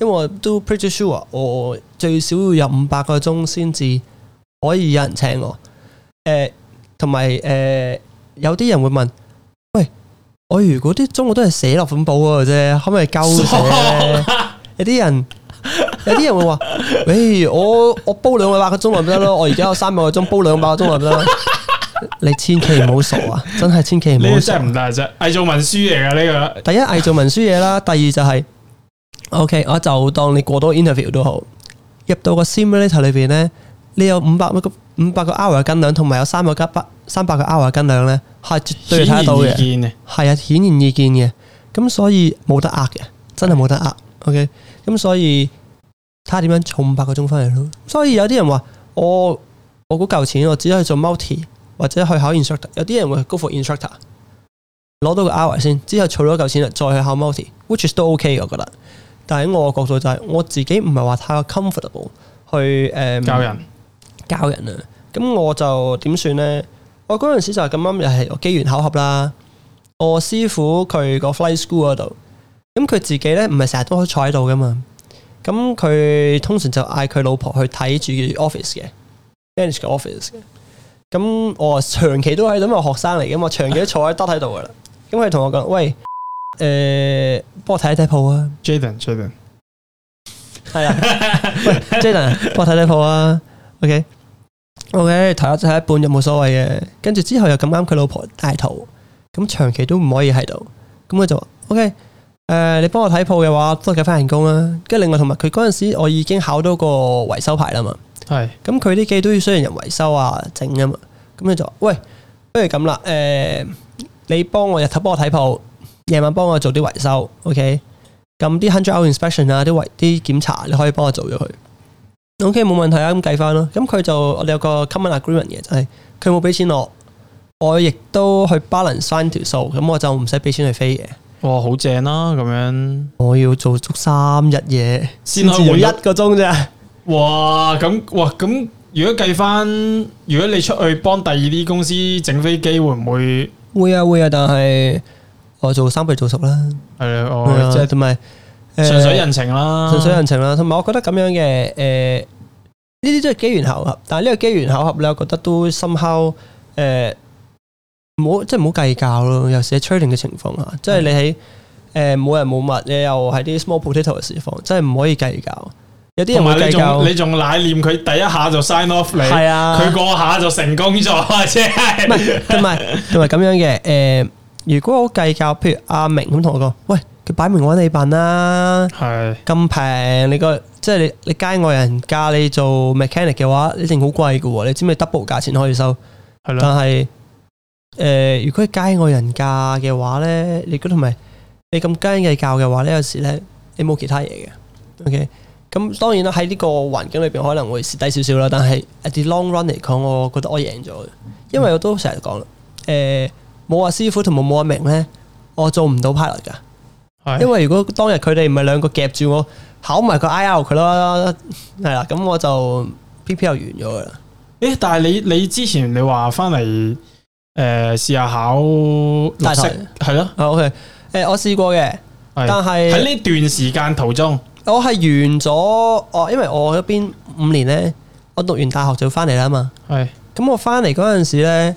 因為我都 pretty sure 我最少要有五百個鐘先至可以有人請我，誒、欸，同埋誒，有啲人會問，喂，我如果啲鐘我都係寫落粉簿嘅啫，可唔可以夠寫？了有啲人，有啲人會話，喂，我我煲兩百個鐘咪得咯，我而家有三百個鐘煲兩百個鐘咪得咯，你千祈唔好傻啊，真係千祈唔好傻。呢啲真係唔得嘅啫，係、這個、偽造文書嚟噶呢個。第一係偽造文書嘢啦，第二就係、是。O.K.，我就當你過多 interview 都好，入到個 simulator 裏邊呢，你有五百個五百個 hour 嘅斤兩，同埋有三個加三百個 hour 嘅斤兩呢，係絕對睇到嘅，係啊，顯然易見嘅。咁所以冇得呃嘅，真係冇得呃。O.K.，咁所以睇下點樣儲五百個鐘翻嚟咯。所以有啲人話我我嗰嚿錢，我只可以做 multi 或者去考 instructor。有啲人會 go for instructor，攞到個 hour 先，之後儲咗嚿錢再去考 multi，which is 都 O.K. 我覺得。但喺我嘅角度就係、是，我自己唔係話太 comfortable 去誒、嗯、教人教人啊，咁我就點算呢？我嗰陣時就係咁啱又係機緣巧合啦。我師傅佢個 fly school 嗰度，咁佢自己呢唔係成日都可以坐喺度噶嘛，咁佢通常就嗌佢老婆去睇住 office 嘅 manage 個 office 嘅。咁我長期都係諗我學生嚟噶嘛，長期都坐喺得喺度噶啦。咁佢同我講，喂。誒，幫、呃、我睇睇鋪啊！Jaden，Jaden，係啊，喂，Jaden，幫我睇睇鋪啊！OK，OK，睇下睇一半有冇所謂嘅，跟住之後又咁啱佢老婆大肚，咁長期都唔可以喺度，咁佢就話 OK，誒、呃，你幫我睇鋪嘅話，都我計翻人工啦、啊。跟住另外同埋，佢嗰陣時我已經考到個維修牌啦嘛，係是，咁佢啲機都要需要人維修啊，整啊嘛，咁佢就話喂，不如咁啦，誒、呃，你幫我日頭幫我睇鋪。夜晚幫我做啲維修，OK？咁啲 hundred hour inspection 啊，啲啲檢查你可以幫我做咗佢。OK，冇問題啊，咁計翻咯。咁佢就我哋有個 common agreement 嘅，就係佢冇俾錢我，我亦都去 balance 翻條數，咁我就唔使俾錢去飛嘅。哇，好正啦，咁樣我要做足三日嘢，先至會一個鐘啫。哇，咁哇，咁如果計翻，如果你出去幫第二啲公司整飛機，會唔會？會啊，會啊，但係。我做三倍做熟啦，係啦，即係同埋純粹人情啦，純粹人情啦，同埋我覺得咁樣嘅，誒呢啲都係機緣巧合，但係呢個機緣巧合咧，我覺得都深刻誒，唔好，呃、即係唔好計較咯，尤其是 Trading 嘅情況啊，即係是的 你喺誒冇人冇物，你又喺啲 small potato 嘅情況，即係唔可以計較。有啲人會計較，你仲賴要念佢第一下就 sign off 你，係啊，佢嗰下就成功咗，即係唔係，同埋同埋咁樣嘅，誒、呃。如果我計較，譬如阿明咁同我講，喂，佢擺明揾你笨啦，咁平你個即係你你街外人價你做 mechanic 嘅話，一定好貴嘅喎，你知唔知 double 價錢可以收？係咯。但係，誒，如果係街外人價嘅話咧，你覺得咪你咁斤計較嘅話咧，有時咧你冇其他嘢嘅。O K，咁當然啦，喺呢個環境裏邊可能會蝕底少少啦，但係喺啲 long run 嚟講，我覺得我贏咗嘅，因為我都成日講，誒。冇話師傅同埋冇阿明咧，我做唔到 pilot 噶，因為如果當日佢哋唔係兩個夾住我考埋個 IR 佢咯，係啦，咁我就 P P 又完咗噶啦。誒，但係你你之前你話翻嚟誒試下考大學係咯，係 OK 誒，我試過嘅，但係喺呢段時間途中，我係完咗，我因為我嗰邊五年咧，我讀完大學就翻嚟啦嘛，係咁我翻嚟嗰陣時咧。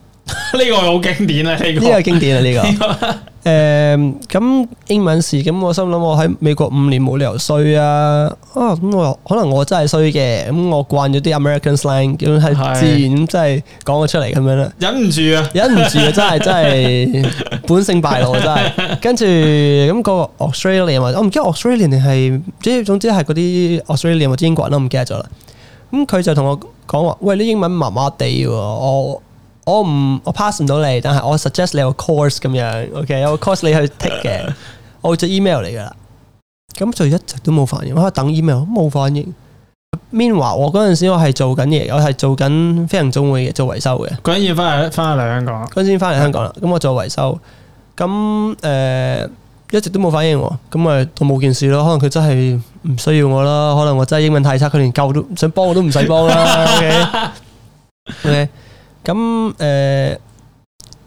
呢 (laughs) 個好經典啊！呢個呢個經典啊！呢個誒，咁英文時咁，我心諗我喺美國五年冇理由衰啊！咁、啊、我可能我真係衰嘅，咁我慣咗啲 American slang，咁係自然真係講咗出嚟咁樣啦。忍唔住啊！忍唔住啊！真係真係 (laughs) 本性敗露！真係。跟住咁個 Australian，我唔記得 Australian 定係即總之係嗰啲 Australian 或者英國人都唔記得咗啦。咁佢就同我講話，喂，你英文麻麻地喎，我。我我唔我 pass 唔到你，但係我 suggest 你有個 course 咁樣，ok 有個 course 你去 take 嘅， (laughs) 我會 email 你噶啦。咁就一直都冇反應，我等 email 冇反應。Meanwhile，我嗰陣時我係做緊嘢，我係做緊飛行總會嘅做維修嘅。嗰陣要翻嚟翻嚟香港，嗰陣先翻嚟香港啦。咁我做維修，咁誒、呃、一直都冇反應，咁咪都冇件事咯。可能佢真係唔需要我啦，可能我真係英文太差，佢連救都想幫我都唔使幫啦。ok。 (laughs) OK? 咁誒、嗯、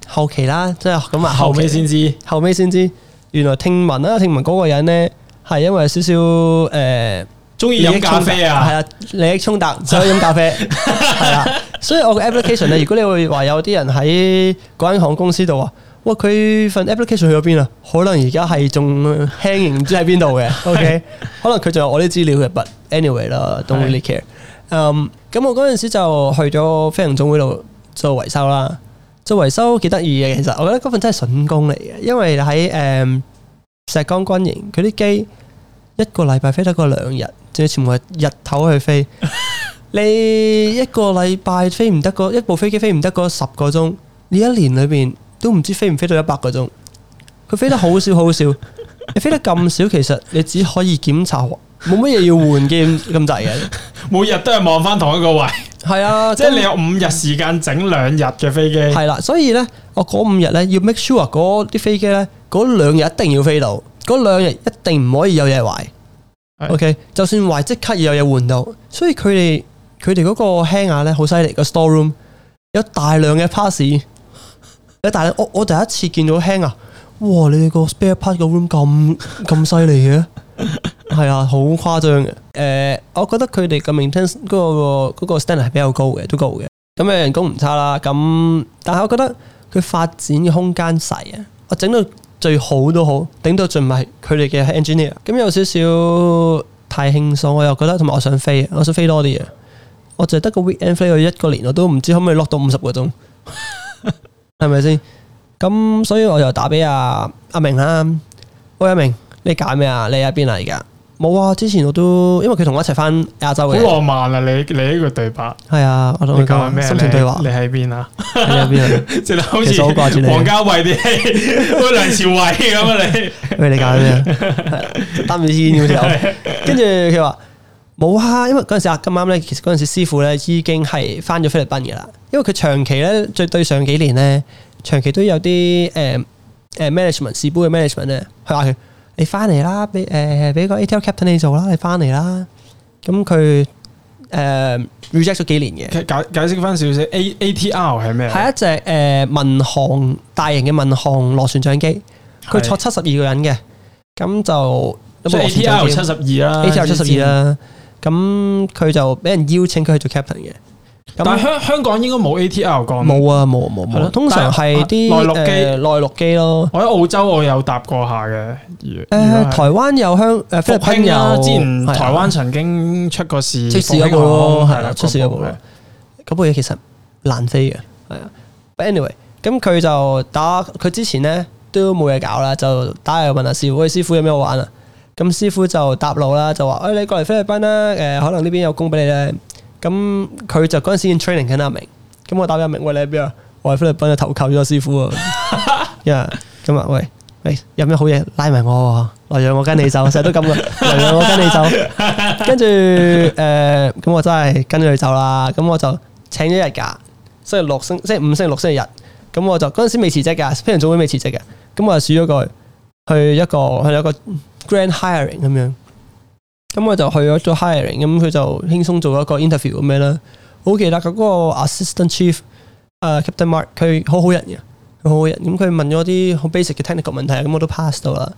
後期啦，即係咁啊，後尾先知，後尾先知，原來聽聞啦，聽聞嗰個人咧係因為少少誒，中意飲咖啡啊，係啊咦，利益衝突，所以飲咖啡係啦。所以我個 application 咧，如果你會話有啲人喺嗰間航空公司度啊，哇，佢份 application 去咗邊啊？可能而家係仲 hanging，唔知喺邊度嘅。OK， (laughs) 可能佢仲有我啲資料嘅，but anyway 啦，don't really care 的。咁、嗯、我嗰陣時就去咗飛行總會度。做維修啦，做維修幾得意嘅，其實我覺得嗰份真係筍工嚟嘅，因為喺誒石崗軍營，佢啲機一個禮拜飛得嗰兩日，仲要全部係日頭去飛。你一個禮拜飛唔得嗰一部飛機飛唔得嗰十個鐘，你一年裏邊都唔知飛唔飛到一百個鐘，佢飛得好少好少，你飛得咁少，其實你只可以檢查。冇乜嘢要換嘅咁滯嘅。 (laughs) 每日都係望翻同一個位。係啊，即係 (laughs) 你有五日時間整兩日嘅飛機。係啦、啊，所以呢，我嗰五日呢要 make sure 嗰啲飛機呢，嗰兩日一定要飛到，嗰兩日一定唔可以有嘢壞。是 OK，就算壞即刻有嘢換到，所以佢哋佢哋嗰個 hangar 呢，好犀利個 store room 有大量嘅 parts，但係我我第一次見到 hangar，哇！你哋個 spare part 個 room 咁咁犀利嘅。 (laughs) 係 (laughs) 啊，好誇張嘅。誒、呃，我覺得佢哋嘅 maintain 嗰、嗰個、嗰個 standard 係比較高嘅，都高嘅。咁嘅人工唔差啦。咁但係我覺得佢發展嘅空間細啊。我整到最好都好，頂到盡唔係佢哋嘅 engineer。咁有少少太輕鬆，我又覺得同埋我想飛，我想飛多啲啊。我淨係得個 weekend 飛去一個年，我都唔知可唔可以落到五十個鐘，係咪先？咁所以我又打俾阿阿明啦，喂阿明。你搞咩啊？你喺邊啊？而家冇啊！之前我都因為佢同我一齊翻亞洲嘅。好浪漫啊！你你呢個對白。係啊，這個、我同佢講。心情對話？你喺邊啊？你喺邊啊？即係好似好掛住你。王家衛啲，阿梁朝偉咁啊！你喂你搞咩啊？擔唔知尿尿。跟住佢話冇啊，因為嗰陣時啊，今晚咧，其實嗰陣時師傅咧已經係翻咗菲律賓嘅啦。因為佢長期咧，最對，對上幾年咧，長期都有啲誒誒 management 事杯嘅 management 咧，去嗌佢。你翻嚟啦，俾誒俾個 ATR captain 你做啦，你翻嚟啦。咁佢誒 reject 咗幾年嘅。解解釋翻少少，A ATR 係咩？係一隻誒民航、呃大型嘅民航螺旋槳機，佢坐七十二個人嘅。咁就所以 ATR 七十二啦，ATR 七十二啦。咁佢、啊、就俾人邀請佢去做 captain 嘅。但係香香港應該冇 ATR 過咯，冇啊冇冇冇，通常係啲內陸機內陸機咯。我喺澳洲我有搭過下嘅，誒台灣有香誒菲律賓有，之前台灣曾經出過事，出事嗰部咯，係啦出事嗰部嘅。嗰部嘢其實難飛嘅，係啊。但係 anyway，咁佢就打佢之前咧都冇嘢搞啦，就打去問下師傅，喂師傅有咩好玩啊？咁師傅就搭路啦，就話誒你過嚟菲律賓啦，誒可能呢邊有工俾你咧。咁佢就嗰陣時 in training 跟阿明，咁我打俾阿明，喂，你喺邊啊？我喺菲律賓嘅投靠咗個師傅啊，呀、 (laughs) yeah，今日喂，有咩好嘢拉埋我，我讓我跟你走，成日 (laughs) 都咁嘅，讓我跟你走，跟住誒，咁、呃、我真係跟住佢走啦。咁我就請咗日假，星期六星期五，即係五星期六星期日。咁我就嗰陣時未辭職噶，非常早啲未辭職嘅。咁我就選咗佢去一個去一個 grand hiring 咁樣。咁、嗯、我就去咗做 hiring，咁、嗯、佢就輕鬆做咗個 interview 咁樣啦。好記得嗰個 assistant chief，誒、uh, captain Mark，佢好好人嘅，佢好好人。咁、嗯、佢問咗啲好 basic 嘅 technical 問題、嗯，咁我都 pass 到啦。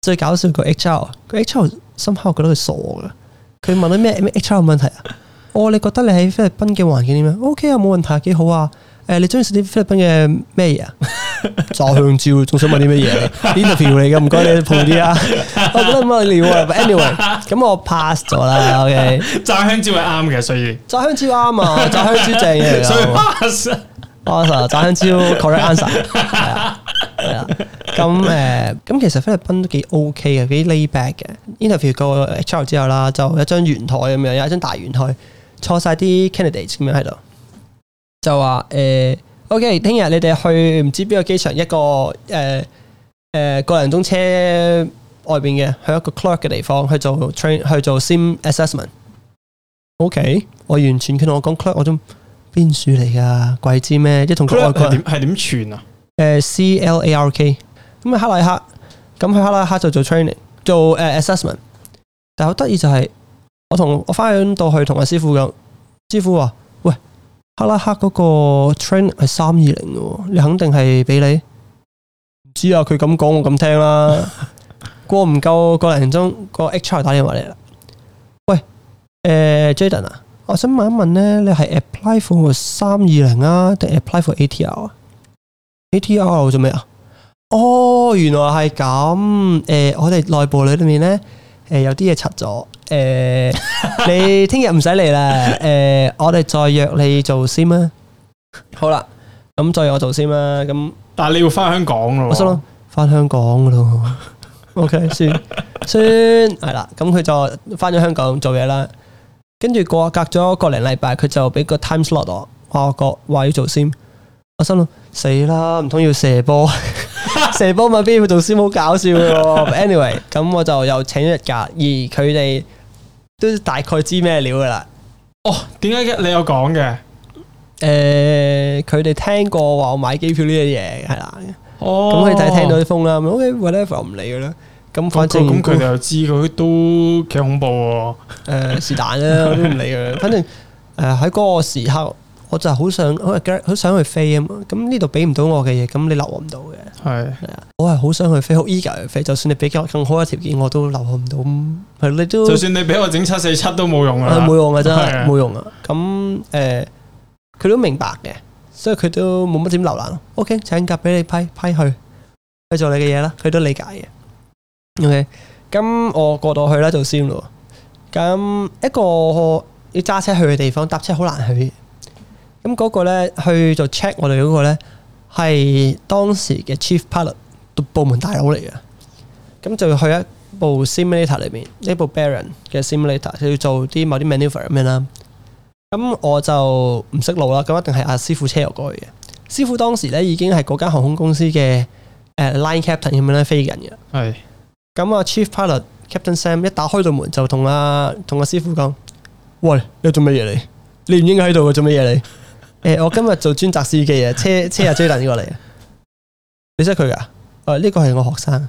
最搞笑個 HR，個 HR，深刻覺得佢傻噶。佢問咗咩咩 HR 問題啊？哦，你覺得你喺菲律賓嘅環境點樣啊？OK 啊，冇問題，幾好啊！誒，你中意食啲菲律賓嘅咩嘢啊？炸香蕉，仲想問啲咩嘢？Interview 嚟噶，唔該你鋪啲啊！我覺得咁啊，Anyway，咁我 pass 咗啦。OK，炸香蕉係啱嘅，所以炸香蕉啱啊，炸香蕉正嘅。所以 pass，pass，炸香蕉 correct answer。係啊，咁誒，咁其實菲律賓都幾 OK 嘅，幾 laid back 嘅。Interview 個 extra 之後啦，就有一張圓台咁樣，有一張大圓台，坐曬啲 candidate 咁樣喺度。就話誒、欸、，OK，聽日你哋去唔知邊個機場一個誒誒個人中車外邊嘅，去一個 clerk 嘅地方去做 train，去做 SIM assessment。OK，我完全聽我講 clerk，我都邊處嚟㗎，鬼知咩？啲同佢外，佢點係點串啊？誒、呃、，C L A R K，咁克拉克，咁去克拉克就做 training，做誒、uh, assessment。但係好得意就係、是，我同我翻去到去同阿師傅講，師傅話喂。哈拉克嗰個 train 係三二零嘅，你肯定係俾你。唔知啊，佢咁講我咁聽啦。 (laughs) 過唔夠、個零鐘，個 HR 打電話嚟啦。喂，誒、呃、，Jaden 啊，啊，我想問一問呢，你係 apply for 三二零啊，定 apply for ATR 啊？ATR 做咩啊？哦，原來係咁。誒、呃，我哋內部裏面呢，誒、呃，有啲嘢拆咗。誒、呃，你聽日唔使嚟啦，誒、呃，我哋再約你做先啦。好啦，咁再約我做先啦。咁，但係你要翻香港咯、哦哦 okay,？我心諗翻香港咯。OK，算算係啦。咁佢就翻咗香港做嘢啦。跟住過隔咗個零禮拜，佢就俾個 time slot 我，話我講話要做先。我心諗死啦，唔通要射波？射波咪必要做先？好搞笑嘅、哦。Anyway，咁我就又請咗日假，而佢哋。都大概知咩料噶啦？哦，點解嘅？你有講嘅？誒、呃，佢哋聽過話我，我買機票呢啲嘢係啦。哦，咁佢哋聽到啲風啦。咁 OK，whatever，唔理噶啦。咁、okay, 哦、反正咁佢哋又知佢、那個、都幾恐怖。誒、呃，是但啦，我都唔理佢。反正誒喺嗰個時刻。我就係好想，好想，去飛啊嘛！咁呢度俾唔到我嘅嘢，咁你留我唔到嘅。係，係啊！我係好想去飛，好 eager 去飛。就算你俾我更好嘅條件，我都留我唔到。係，你都就算你俾我整七四七都冇用啊！冇用嘅，真係冇用啊！咁誒，佢、呃、都明白嘅，所以佢都冇乜點留難咯。OK，請假俾你批批去，去做你嘅嘢啦。佢都理解嘅。OK，咁我過到去啦，就先咯。咁一個要揸車去嘅地方，搭車好難去。咁嗰個咧去做 check，我哋嗰個咧係當時嘅 chief pilot，部門大佬嚟嘅。咁就去一部 simulator 裏面，呢部 Baron 嘅 simulator，就要做啲某啲 maneuver 咁樣啦。咁我就唔識路啦，咁一定係阿師傅車我過去嘅。師傅當時咧已經係嗰間航空公司嘅誒 line captain 咁樣咧飛緊嘅。係。咁啊 chief pilot captain Sam 一打開道門就同阿同阿師傅講：喂，你做乜嘢嚟？你唔應該喺度嘅，做乜嘢嚟？誒，我今日做專責司機啊，車車阿 Jason 過嚟啊，你識佢噶？誒，呢個係我學生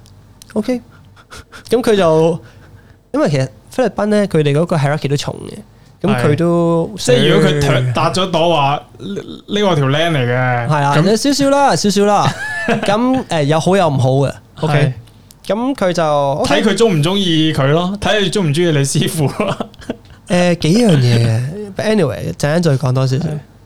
，OK。咁佢就因為其實菲律賓咧，佢哋嗰個 Hierarchy 都重嘅，咁佢都即係如果佢搭咗朵話，呢個條 line 嚟嘅，係啊，少少啦，少少啦。咁誒，有好有唔好嘅，OK。咁佢就睇佢中唔中意佢咯，睇佢中唔中意你師傅。誒，幾樣嘢，但 Anyway，陣間再講多少少。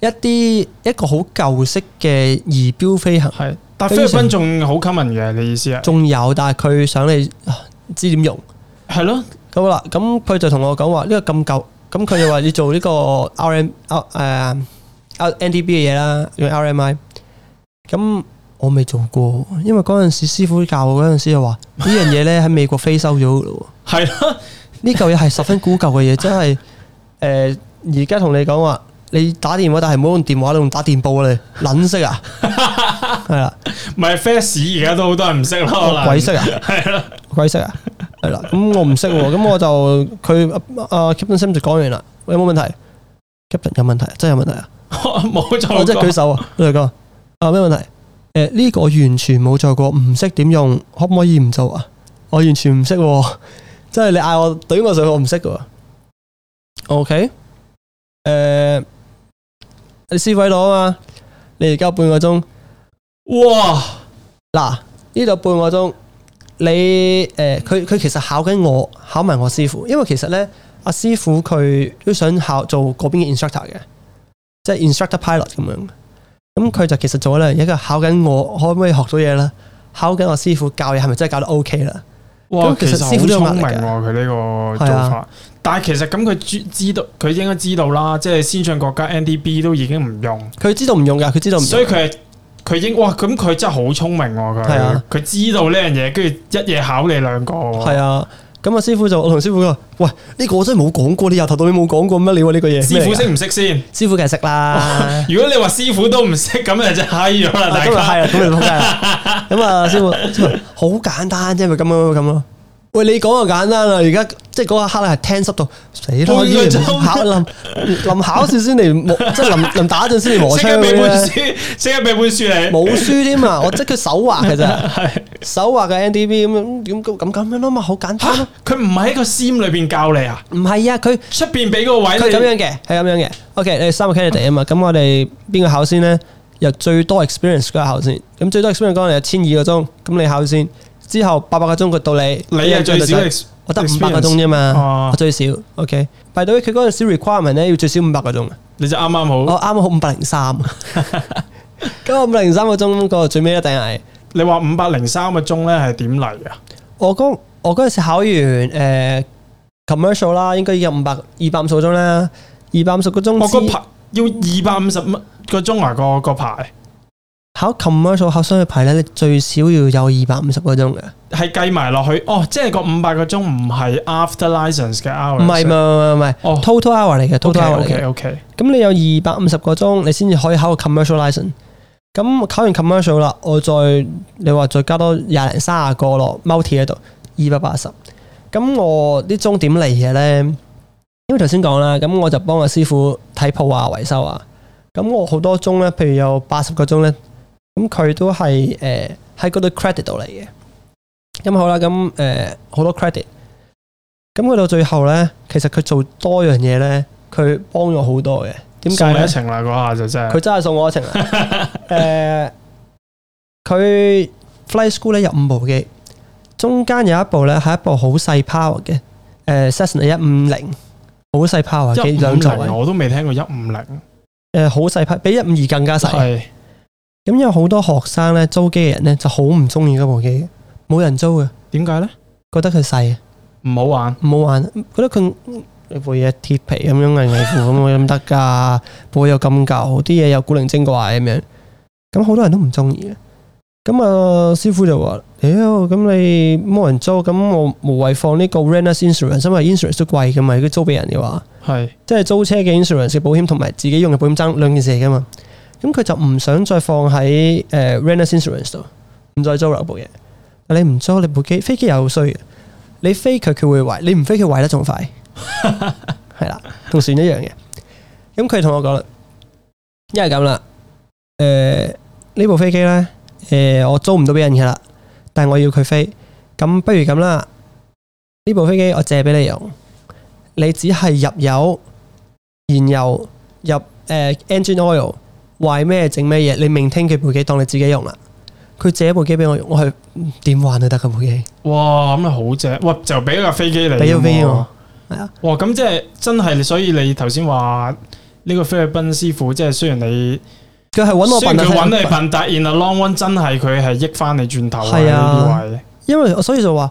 一啲一個好舊式嘅儀表飛行係，但係菲律賓仲好 common 嘅，你意思啊？仲有，但係佢想你知點用係咯。咁好啦，咁佢就同我講話呢個咁舊，咁佢就話要做呢個 R M 啊誒啊 N D B 嘅嘢啦，用 R M I。咁我未做過，因為嗰陣時師傅教我嗰陣時就話呢樣嘢咧喺美國飛收咗咯。係咯，呢舊嘢係十分古舊嘅嘢，真係誒，而家同你講話。你打電話，但係唔好用電話，你用打電報啊！你撚識啊？係 (laughs) 啦，唔係 fast 而家都好多人唔識咯。鬼識啊？係、uh, 啊，鬼識啊？係啦。咁我唔識，咁我就佢啊 Captain Sim 就講完啦。有冇問題 Captain 有問題，真係有問題啊！冇 (laughs) 錯， (laughs) 即係舉手啊！嚟講啊？咩問題？誒、 (laughs) 啊，呢、這個完全冇做過，唔識點用，可唔可以唔做啊？我完全唔識，即、啊、係、就是、你嗌我懟我上去，我唔識噶。OK，、啊、誒。你師傅喺度啊嘛？你哋教半個鐘，哇！嗱，呢度半個鐘，你誒，佢、呃、佢其實考緊我，考埋我師傅，因為其實咧，阿、啊、師傅佢都想考做嗰邊嘅 instructor 嘅，即係 instructor pilot 咁樣。咁佢就其實做咧一個考緊我可唔可以學到嘢啦？考緊我師傅教嘢係咪真係教得 OK 啦？哇！其實，啊、其實師傅都聰明佢呢個做法。但係其實咁佢知知道，佢應該知道啦，即係先進國家 NDB 都已經唔用，佢知道唔用噶，佢知道唔用，所以佢佢應哇咁佢真係好聰明佢，啊，佢知道呢樣嘢，跟住一夜考你兩個。係啊，咁啊師傅就我同師傅話，喂呢個我真係冇講過，你又頭到尾冇講過乜了呢個嘢。師傅識唔識先？師傅梗係識啦。如果你話師傅都唔識咁就真係嗨咗啦，大家。係啊，咁樣咁啊，師傅好簡單，即係咪咁樣咁咯？喂，你講就簡單啦，而家即係嗰個刻咧係聽濕到死咯！依家臨考，臨臨考試先嚟，即係臨臨打陣先嚟磨。借本書，即刻俾本書你。冇書添啊！我即佢手畫嘅啫，手畫嘅 NDV 咁樣，咁咁樣咯嘛，好簡單。佢唔係喺個箱裏邊教你啊？唔係啊，佢出邊俾個位你。佢咁樣嘅，係咁樣嘅。OK，你三個 candidate 啊嘛，咁我哋邊個考先呢？有最多 experience 嘅考先。咁最多 experience 講嚟有千二個鐘，咁你考先。之後八百個鐘佢到你，你係最，、啊、最少，我得五百個鐘啫嘛，最少，OK。拜倒佢嗰陣時 requirement 咧，要最少五百個鐘。你就啱啱好，我啱好五百零三。咁我五百零三個鐘，嗰個最尾一定係。你話五百零三個鐘咧係點嚟？啊，我嗰我陣時考完誒、呃、commercial 啦，應該有五百二百五十個鐘啦，二百五十個鐘。我個牌要二百五十個鐘啊個個牌。考 commercial 考生嘅牌咧，你最少要有二百五十個鐘嘅，係計埋落去哦，即係個五百個鐘唔係 after license 嘅 hour，唔係唔係唔係，total hour 嚟嘅 total hour ok，咁你有二百五十個鐘，你先至可以考個 commercial license。咁考完 commercial 啦，我再你話再加多廿零三十個咯，multi 喺度二百八十。咁我啲鐘點嚟嘅咧，因為頭先講啦，咁我就幫個師傅睇鋪啊、維修啊，咁我好多鐘咧，譬如有八十個鐘咧。咁佢、嗯、都係誒喺嗰度 credit 度，嚟嘅，咁、嗯、好啦，咁誒好多 credit，咁、嗯、去到最後咧，其實佢做多樣嘢咧，佢幫咗好多嘅。點解？一程啦，嗰下就真係佢真係送我一程啦。誒、 (laughs) 呃，佢 Fly School 咧有五部機，中間有一部咧係一部好細 power 嘅，誒、呃，Cessna 一五零，好細 power。一五零我都未聽過一五零。誒、呃，好細 power，比一五二更加細。咁有好多學生咧租機嘅人咧就好唔中意嗰部機，冇人租嘅，點解呢？覺得佢細，唔好玩，唔好玩，覺得佢部嘢鐵皮咁樣，硬硬咁，我有得噶，部舊又咁舊，啲嘢又古靈精怪咁樣，咁好多人都唔中意啊！咁啊，師傅就話：，妖、哎，咁你冇人租，咁我無謂放呢個 Renas Insurance，因為 Insurance 都貴噶嘛，如果租俾人嘅話，係是，即係租車嘅 Insurance 嘅保險同埋自己用嘅保險爭兩件事嚟噶嘛。咁佢就唔想再放喺誒 Renaissance Insurance 度，唔再租我部嘢。你唔租你部機，飛機又好衰，你飛佢佢，會壞，你唔飛佢壞得仲快，係啦， (laughs) (laughs) 同船一樣嘅。咁佢同我講啦， (laughs) 因為咁啦，誒、呃、呢部飛機咧，誒、呃、我租唔到俾人嘅啦，但係我要佢飛，咁不如咁啦，呢部飛機我借俾你用，你只係入油、燃油、入誒、uh, engine oil。為咩整咩嘢？你明聽佢部機當你自己用啦。佢借一部機俾我用，我係點玩都得嘅部機。哇，咁啊好正！哇，就俾一架飛機你。俾咗飛機喎。係啊。哇，咁即係真係。所以你頭先話呢個菲律賓師傅，即係雖然你佢係搵我笨，佢搵你笨，但 long one 真係佢係益翻你轉頭。係啊。因為，所以就話，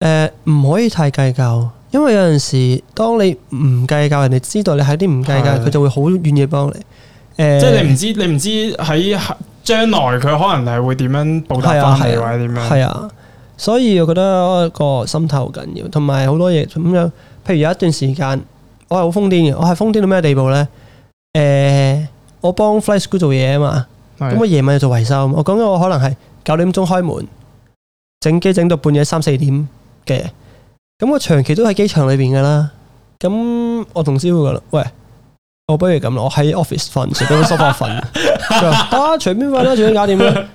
誒，唔可以太計較，因為有陣時，當你唔計較，人哋知道你喺啲唔計較，佢就會好願意幫你。嗯、即係你唔知，你唔知喺將來佢可能係會點樣報答翻你，啊啊、或者點樣？係啊，所以我覺得個心態好緊要，同埋好多嘢咁樣。譬如有一段時間，我係好瘋癲嘅，我係瘋癲到咩地步呢？誒、呃，我幫 Fly School 做嘢啊嘛，咁、啊、我夜晚要做維修。我講緊我可能係九點鐘開門，整機整到半夜三四點嘅，咁我長期都喺機場裏邊噶啦。咁我同師傅講，喂。我不如咁我喺 office 瞓，坐喺沙發瞓，啊，隨便瞓啦，隨便搞掂啦。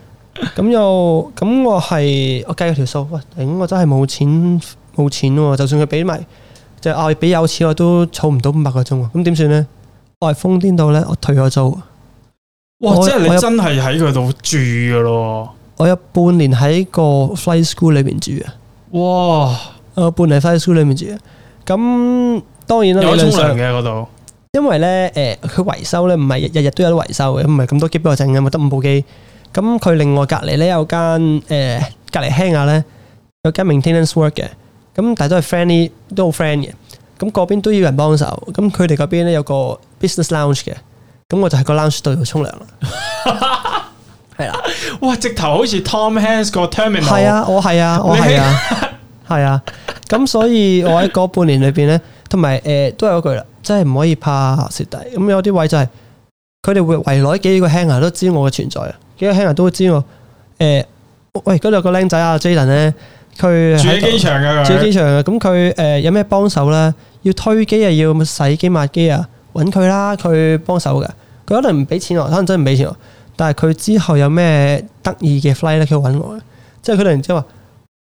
咁又咁，我係我計咗條數，喂，頂，我真係冇錢冇錢喎。就算佢俾埋，就啊、是、俾有錢我都儲唔到五百個鐘。咁點算呢？我係瘋癲到咧，我退咗租。哇！即係你真係喺佢度住噶咯？我有半年喺個 fly school 裡面住啊！哇！我半年 fly school 裡面住啊！咁當然啦，有沖涼嘅度。因為咧，誒、呃，佢維修咧，唔係日日都有得維修嘅，唔係咁多機俾我整嘅，我得五部機。咁佢另外隔籬咧有間，誒，隔籬輕下咧，有間 maintenance work 嘅。咁但係都係 friendly，都好 friend 嘅。咁嗰邊都要人幫手。咁佢哋嗰邊咧有個 business lounge 嘅。咁我就喺個 lounge 度度沖涼啦。係啦，哇，直頭好似 Tom Hanks 個 terminal。係啊，我係啊，我係啊。是 (laughs) 係啊，咁所以我喺嗰半年裏邊咧，同埋誒，都係嗰句啦，即係唔可以怕蝕底。咁、嗯、有啲位就係、是，佢哋會圍攞幾個輕人，都知我嘅存在啊。幾個輕人都會知我誒、呃，喂，嗰度個僆仔阿 Jaden 咧，佢住喺機場嘅，住喺機場嘅。咁佢誒有咩幫手咧？要推機啊，要洗機抹機啊，搵佢啦，佢幫手嘅。佢可能唔俾錢我，可能真係唔俾錢我。但係佢之後有咩得意嘅 fly 咧，佢搵我。即係佢突然之間話。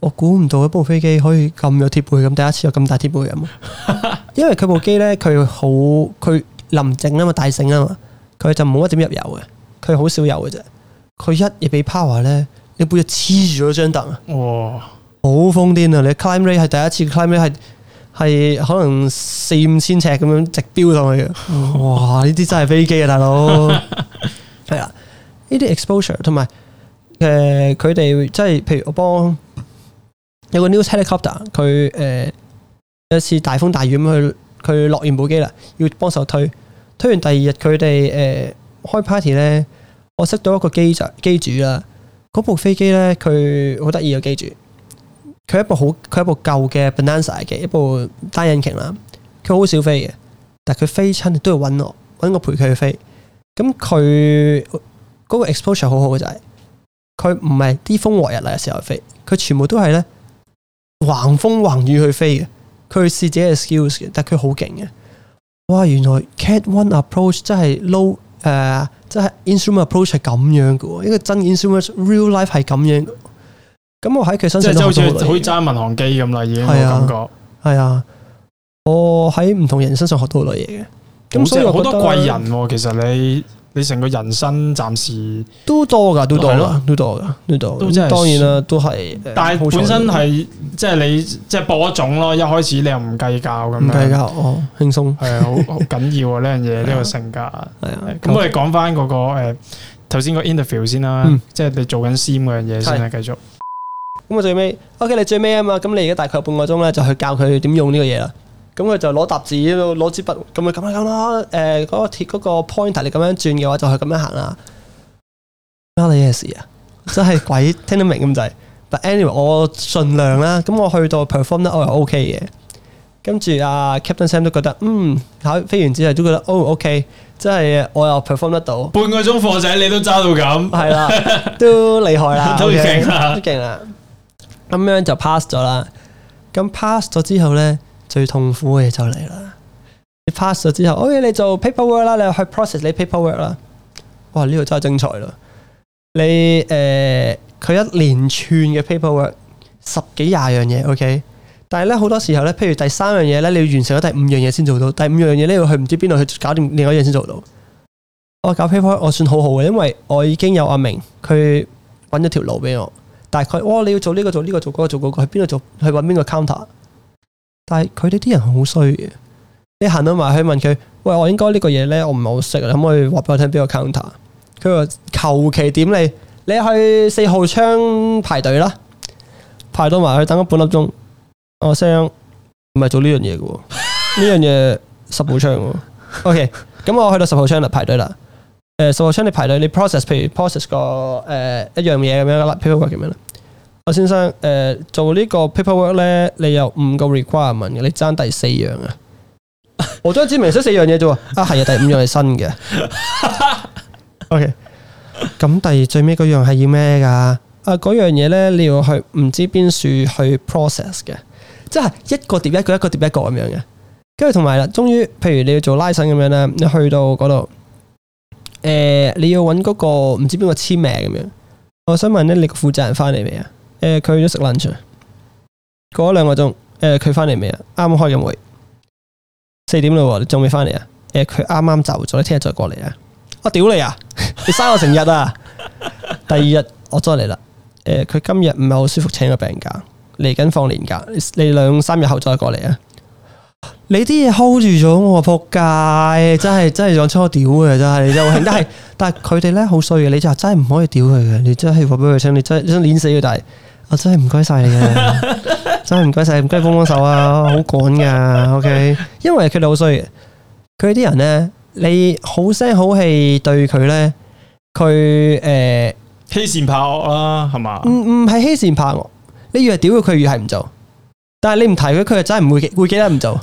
我估唔到一部飛機可以咁有貼背咁，第一次有咁大貼背咁啊！因為佢部機咧，佢好佢臨靜啊嘛，大醒啊嘛，佢就冇乜點入油嘅，佢好少油嘅啫。佢一夜畀 Power 咧，你背住黐住咗張凳啊！哇，好瘋癲啊！你 climb rate 係第一次 climb rate 係係可能四五千尺咁樣直飆上去嘅。哇！呢啲真係飛機啊，大佬係啊，呢啲 (laughs) exposure 同埋誒，佢、呃、哋即係譬如我幫。有個 news helicopter，佢誒、呃、有一次大風大雨咁，去佢落完部機啦，要幫手推。推完第二日，佢哋誒開 party 咧，我識到一個機仔機主啦。嗰部飛機咧，佢好得意個機主，佢一部好佢一部舊嘅 Bonanza 嘅一部單引擎啦。佢好少飛嘅，但係佢飛親都要揾我揾我陪佢去飛。咁佢嗰個 exposure 好好嘅就係佢唔係啲風和日麗嘅時候飛，佢全部都係咧。橫風橫雨去飛嘅，佢試自己嘅 skills 嘅，但佢好勁嘅。哇，原來 cat one approach 真係 low 誒、呃，真係 instrument approach 係咁樣嘅，一個真 instrument real life 係咁樣。咁我喺佢身上即係，即係好似好似揸民航機咁啦，已經係啊，係啊。我喺唔同人身上學到好多嘢嘅，咁棒所以好多貴人、哦、其實你。你成個人生暫時都多㗎，都多啦，都多㗎，都多。當然啦，都係。但係本身係即係你即係播種咯，一開始你又唔計較咁，唔計較哦，輕鬆係啊，好好緊要啊呢樣嘢，呢個性格係啊。咁我哋講返嗰個誒頭先個 interview 先啦，即係你做緊 SIM 嗰樣嘢先啦，繼續。咁啊最尾，OK，你最尾啊嘛，咁你而家大概半個鐘咧，就去教佢點用呢個嘢啦。咁佢、嗯、就攞沓紙，攞支筆，咁咪咁樣樣咯。誒，嗰、呃那個鐵嗰、那個 point 你咁樣轉嘅話就，就係咁樣行啦。乜你嘅事啊？真係鬼聽得明咁滯。But anyway，我盡量啦。咁我去到 perform 得我又 OK 嘅。跟住啊，Captain Sam 都覺得，嗯，考飛完之後都覺得，哦，OK，真係我又 perform 得到。半個鐘貨仔你都揸到咁，係 (laughs) 啦，都厲害啦，okay, 都勁啦，都勁啦。咁、啊、樣就 pass 咗啦。咁 pass 咗之後咧。最痛苦嘅嘢就嚟啦！你 pass 咗之後，OK、哦、你做 paperwork 啦，你去 process 你 paperwork 啦。哇，呢個真係精彩咯！你誒佢、呃、一連串嘅 paperwork，十幾廿樣嘢，OK 但。但係咧，好多時候咧，譬如第三樣嘢咧，你要完成咗第五樣嘢先做到。第五樣嘢咧，你要去唔知邊度去搞掂另外一樣先做到。我、哦、搞 paperwork 我算好好嘅，因為我已經有阿明佢揾咗條路俾我。但係佢，哇、哦，你要做呢個做呢個做嗰個做嗰個，去邊度做？去揾邊個 counter？但係佢哋啲人好衰嘅，你行到埋去問佢，喂，我應該呢個嘢咧，我唔係好識，可唔可以話俾我聽邊個 counter？佢話求其點你，你去四號窗排隊啦，排到埋去等咗半粒鐘。我想唔係做呢樣嘢嘅，呢樣嘢十號窗。OK，咁我去到十號窗啦，排隊啦。誒、呃，十號窗你排隊，你 process，譬如 process 個誒、呃、一樣嘢，咁樣啦，paperwork 咁樣啦。阿先生，誒、呃，做個呢個 paperwork 咧，你有五個 requirement 嘅，你爭第四樣啊？ (laughs) 我張紙明明得四樣嘢啫。啊，係啊，第五樣係新嘅。O K，咁第二最尾嗰樣係要咩噶？啊，嗰樣嘢咧，你要去唔知邊處去 process 嘅，即係一個疊一個，一個疊一個咁樣嘅。跟住同埋啦，終於，譬如你要做拉伸咁樣咧，你去到嗰度，誒、呃，你要搵嗰個唔知邊個簽名咁樣。我想問咧，你個負責人翻嚟未啊？誒，佢去咗食 lunch，過咗兩個鐘。誒、呃，佢返嚟未啊？啱開緊會，四點嘞喎，你仲未返嚟啊？誒，佢啱啱走咗，你聽日再過嚟啊！我屌你啊！ (laughs) 你嘥我成日啊！ (laughs) 第二日我再嚟啦。誒、呃，佢今日唔係好舒服，請個病假，嚟緊放年假，你兩三日後再過嚟啊！你啲嘢 hold 住咗我仆街，真係真係想出屌嘅，真係就 (laughs) 但係但係佢哋咧好衰嘅，你就真係唔可以屌佢嘅，你真係氣爆俾佢聽，你真係想碾死佢但係，我真係唔該晒你嘅， (laughs) 真係唔該晒，唔該幫幫手啊，好趕噶，OK，因為佢哋好衰嘅，佢啲人咧，你好聲好氣對佢咧，佢誒欺善怕惡啦、啊，係嘛？唔唔係欺善怕惡，你越係屌佢，佢越係唔做。但係你唔提佢，佢又真係唔會會記得唔做，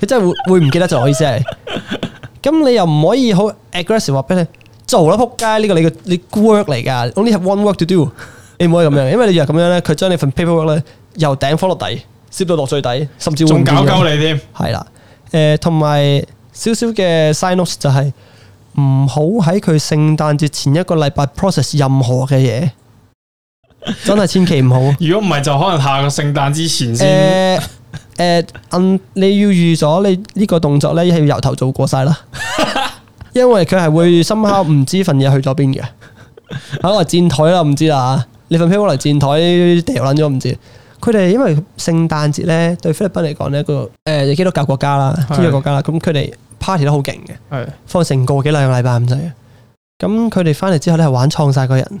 佢真係會會唔記得做。我意思係，咁你又唔可以好 aggressive 話俾你做啦，仆街，呢個你嘅你 work 嚟噶，only have one work to do。你唔可以咁樣，因為你若咁樣咧，佢將你份 paperwork 咧由頂翻落底，攝到落最底，甚至仲搞鳩你添。係啦，誒，同埋少少嘅 side notes 就係唔好喺佢聖誕節前一個禮拜 process 任何嘅嘢。真係千祈唔好，如果唔係就可能下個聖誕之前先。誒誒、呃，嗯、呃，你要預咗你呢個動作咧，係要由頭做過晒啦， (laughs) 因為佢係會深刻唔知份嘢去咗邊嘅。啊， (laughs) 我站台啦，唔知啦吓，你份票攞嚟站台掉撚咗唔知。佢哋因為聖誕節咧，對菲律賓嚟講呢，個誒、呃、基督教國家啦，天主國家啦，咁佢哋 party 都好勁嘅，的放成個幾兩個禮拜咁滯。咁佢哋翻嚟之後咧，係玩創晒個人。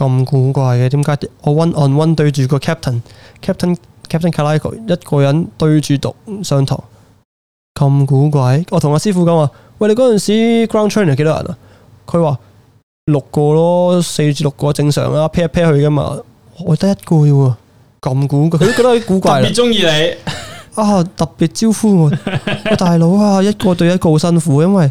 咁古怪嘅，點解我 one on one 對住個 captain，captain，captain Caligro 一個人對住度上堂，咁古怪。我同阿師傅講話，喂你嗰陣時 ground training 幾多人啊？佢話六個咯，四至六個正常啦，pair 一 pair 去嘅嘛。我得一個嘅喎，咁古怪。佢都覺得古怪。特別中意你啊，特別招呼我，大佬啊，一個對一個好辛苦，因為。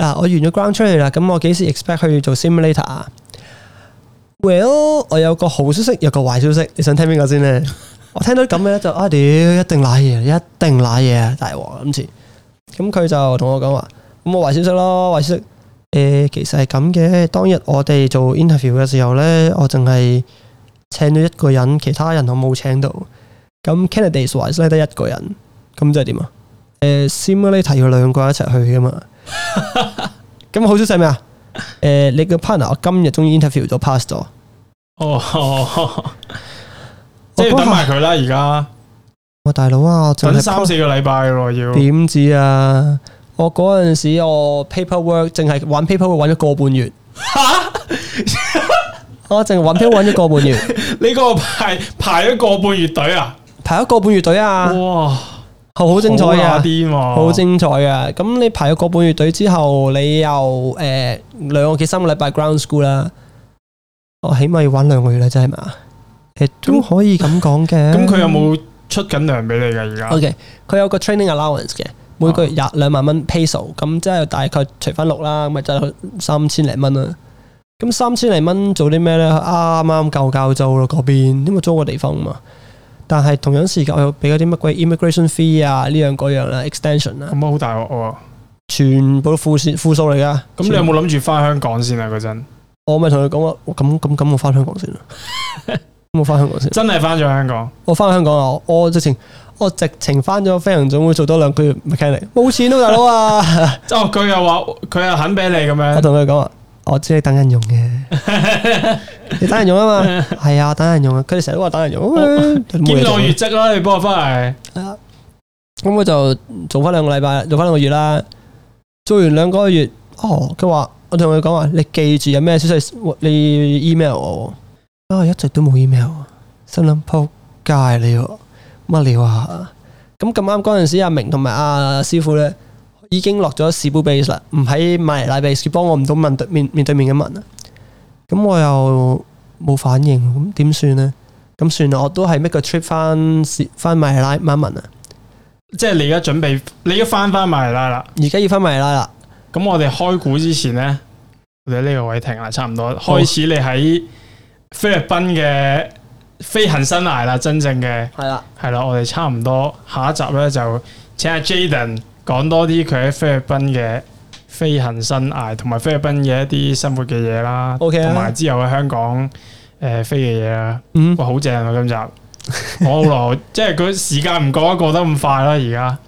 啊！我完咗 ground 出嚟啦，咁我幾時 expect 去做 simulator 啊？Well，我有個好消息，有個壞消息，你想聽邊個先呢？ (laughs) 我聽到咁嘅咧就啊屌， (laughs) 一定瀨嘢，一定瀨嘢啊！大鑊今次，咁佢就同我講話，咁、嗯、我壞消息咯，壞消息誒、呃，其實係咁嘅。當日我哋做 interview 嘅時候呢，我淨係請咗一個人，其他人我冇請到。咁 candidates 壞消息得一個人，咁即係點啊、呃、？simulator 要兩個人一齊去噶嘛？咁好消息咩？誒，你個 partner 我今日終於 interview 咗 pass 咗，哦。哦，即係等埋佢啦，而家。我大佬啊，等三四個禮拜咯，要。點知啊？我嗰陣時我 paperwork 淨係玩 paperwork 玩咗個半月。吓哈， (laughs) 我淨係玩 paper 玩咗個半月。你個排排咗個半月隊啊？排咗個半月隊啊？哇！好、哦、精彩嘅，好精彩嘅。咁你排咗個半月隊之後，你又誒兩個幾三個禮拜 ground school 啦、哦。我起碼要玩兩個月啦，真係嘛？誒、欸，都可以咁講嘅。咁佢、嗯嗯、有冇出緊糧俾你噶？而家？O K，佢有個 training allowance 嘅，每個月廿兩萬蚊 peso 咁，即係大概除翻六啦，咪就係，三千零蚊啦。咁三千零蚊做啲咩呢？啱啱夠夠租咯，嗰邊因為租個地方嘛。但係同樣時間我又俾嗰啲乜鬼 immigration fee 啊呢樣嗰樣啦 extension 啊咁好大鑊、啊、全部都負負數嚟噶。咁部你有冇諗住翻香港先啊？嗰陣部我咪同佢講話，咁咁咁我翻香港先啦， (laughs) 我翻香港先。真係翻咗香港，我翻香港啊！我直情我直情翻咗飛行總會做多兩個月 manager 冇錢咯、啊，大佬啊！ (laughs) (laughs) 哦，佢又話佢又肯俾你咁樣，我同佢講話。我知你等， (laughs) 你等人用嘅，你、 (laughs) 啊、等人用啊嘛，係啊，等人用啊，佢哋成日都話等人用，兼勞月積啦，你幫我翻嚟，咁我、嗯嗯、就做翻兩個禮拜，做翻兩個月啦。做完兩個月，哦，佢話我同佢講話，你記住有咩消息，你 email 我。啊、哦，一直都冇 email，心諗撲街了，乜料啊？咁咁啱嗰陣時，阿明同埋阿師傅咧。已經落咗 Cebu base 啦，唔喺馬尼拉 base，幫我唔到問對面面對面嘅問啊，咁我又冇反應，咁點算呢？咁算啦，我都係 make 個 trip 翻翻馬尼拉啊，即係你而家準備，你回回馬尼拉要翻翻馬尼拉啦，而家要翻馬尼拉啦，咁我哋開估之前呢，我哋呢個位停啦，差唔多開始你喺菲律賓嘅飛行生涯啦，真正嘅係啦，係啦、哦的，我哋差唔多下一集呢，就請阿 Jaden。講多啲佢喺菲律賓嘅飛行生涯，同埋菲律賓嘅一啲生活嘅嘢啦，同埋 Okay. 之後喺香港誒飛嘅嘢啊。嗯，哇，好正啊！今集我好耐，即係佢時間唔過啊， (laughs) 過，過得咁快啦、啊，而家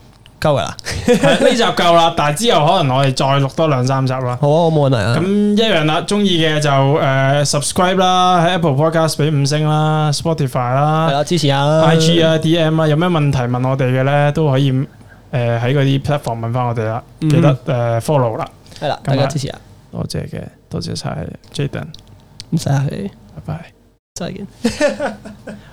夠啦，呢集夠啦，但係之後可能我哋再錄多兩三集啦。好啊，我冇問題啊。咁一樣啦，中意嘅就誒 subscribe 啦，喺 Apple Podcast 俾五星啦，Spotify 啦，係啦，支持下啦，IG 啊，DM 啊，有咩問題問我哋嘅咧都可以。誒喺嗰啲 platform 問翻我哋啦，記得誒 follow 啦，係啦、mm，hmm. 天大家支持啊，多謝嘅，多謝晒 Jaden 唔使啊，你拜拜，再見。 (laughs)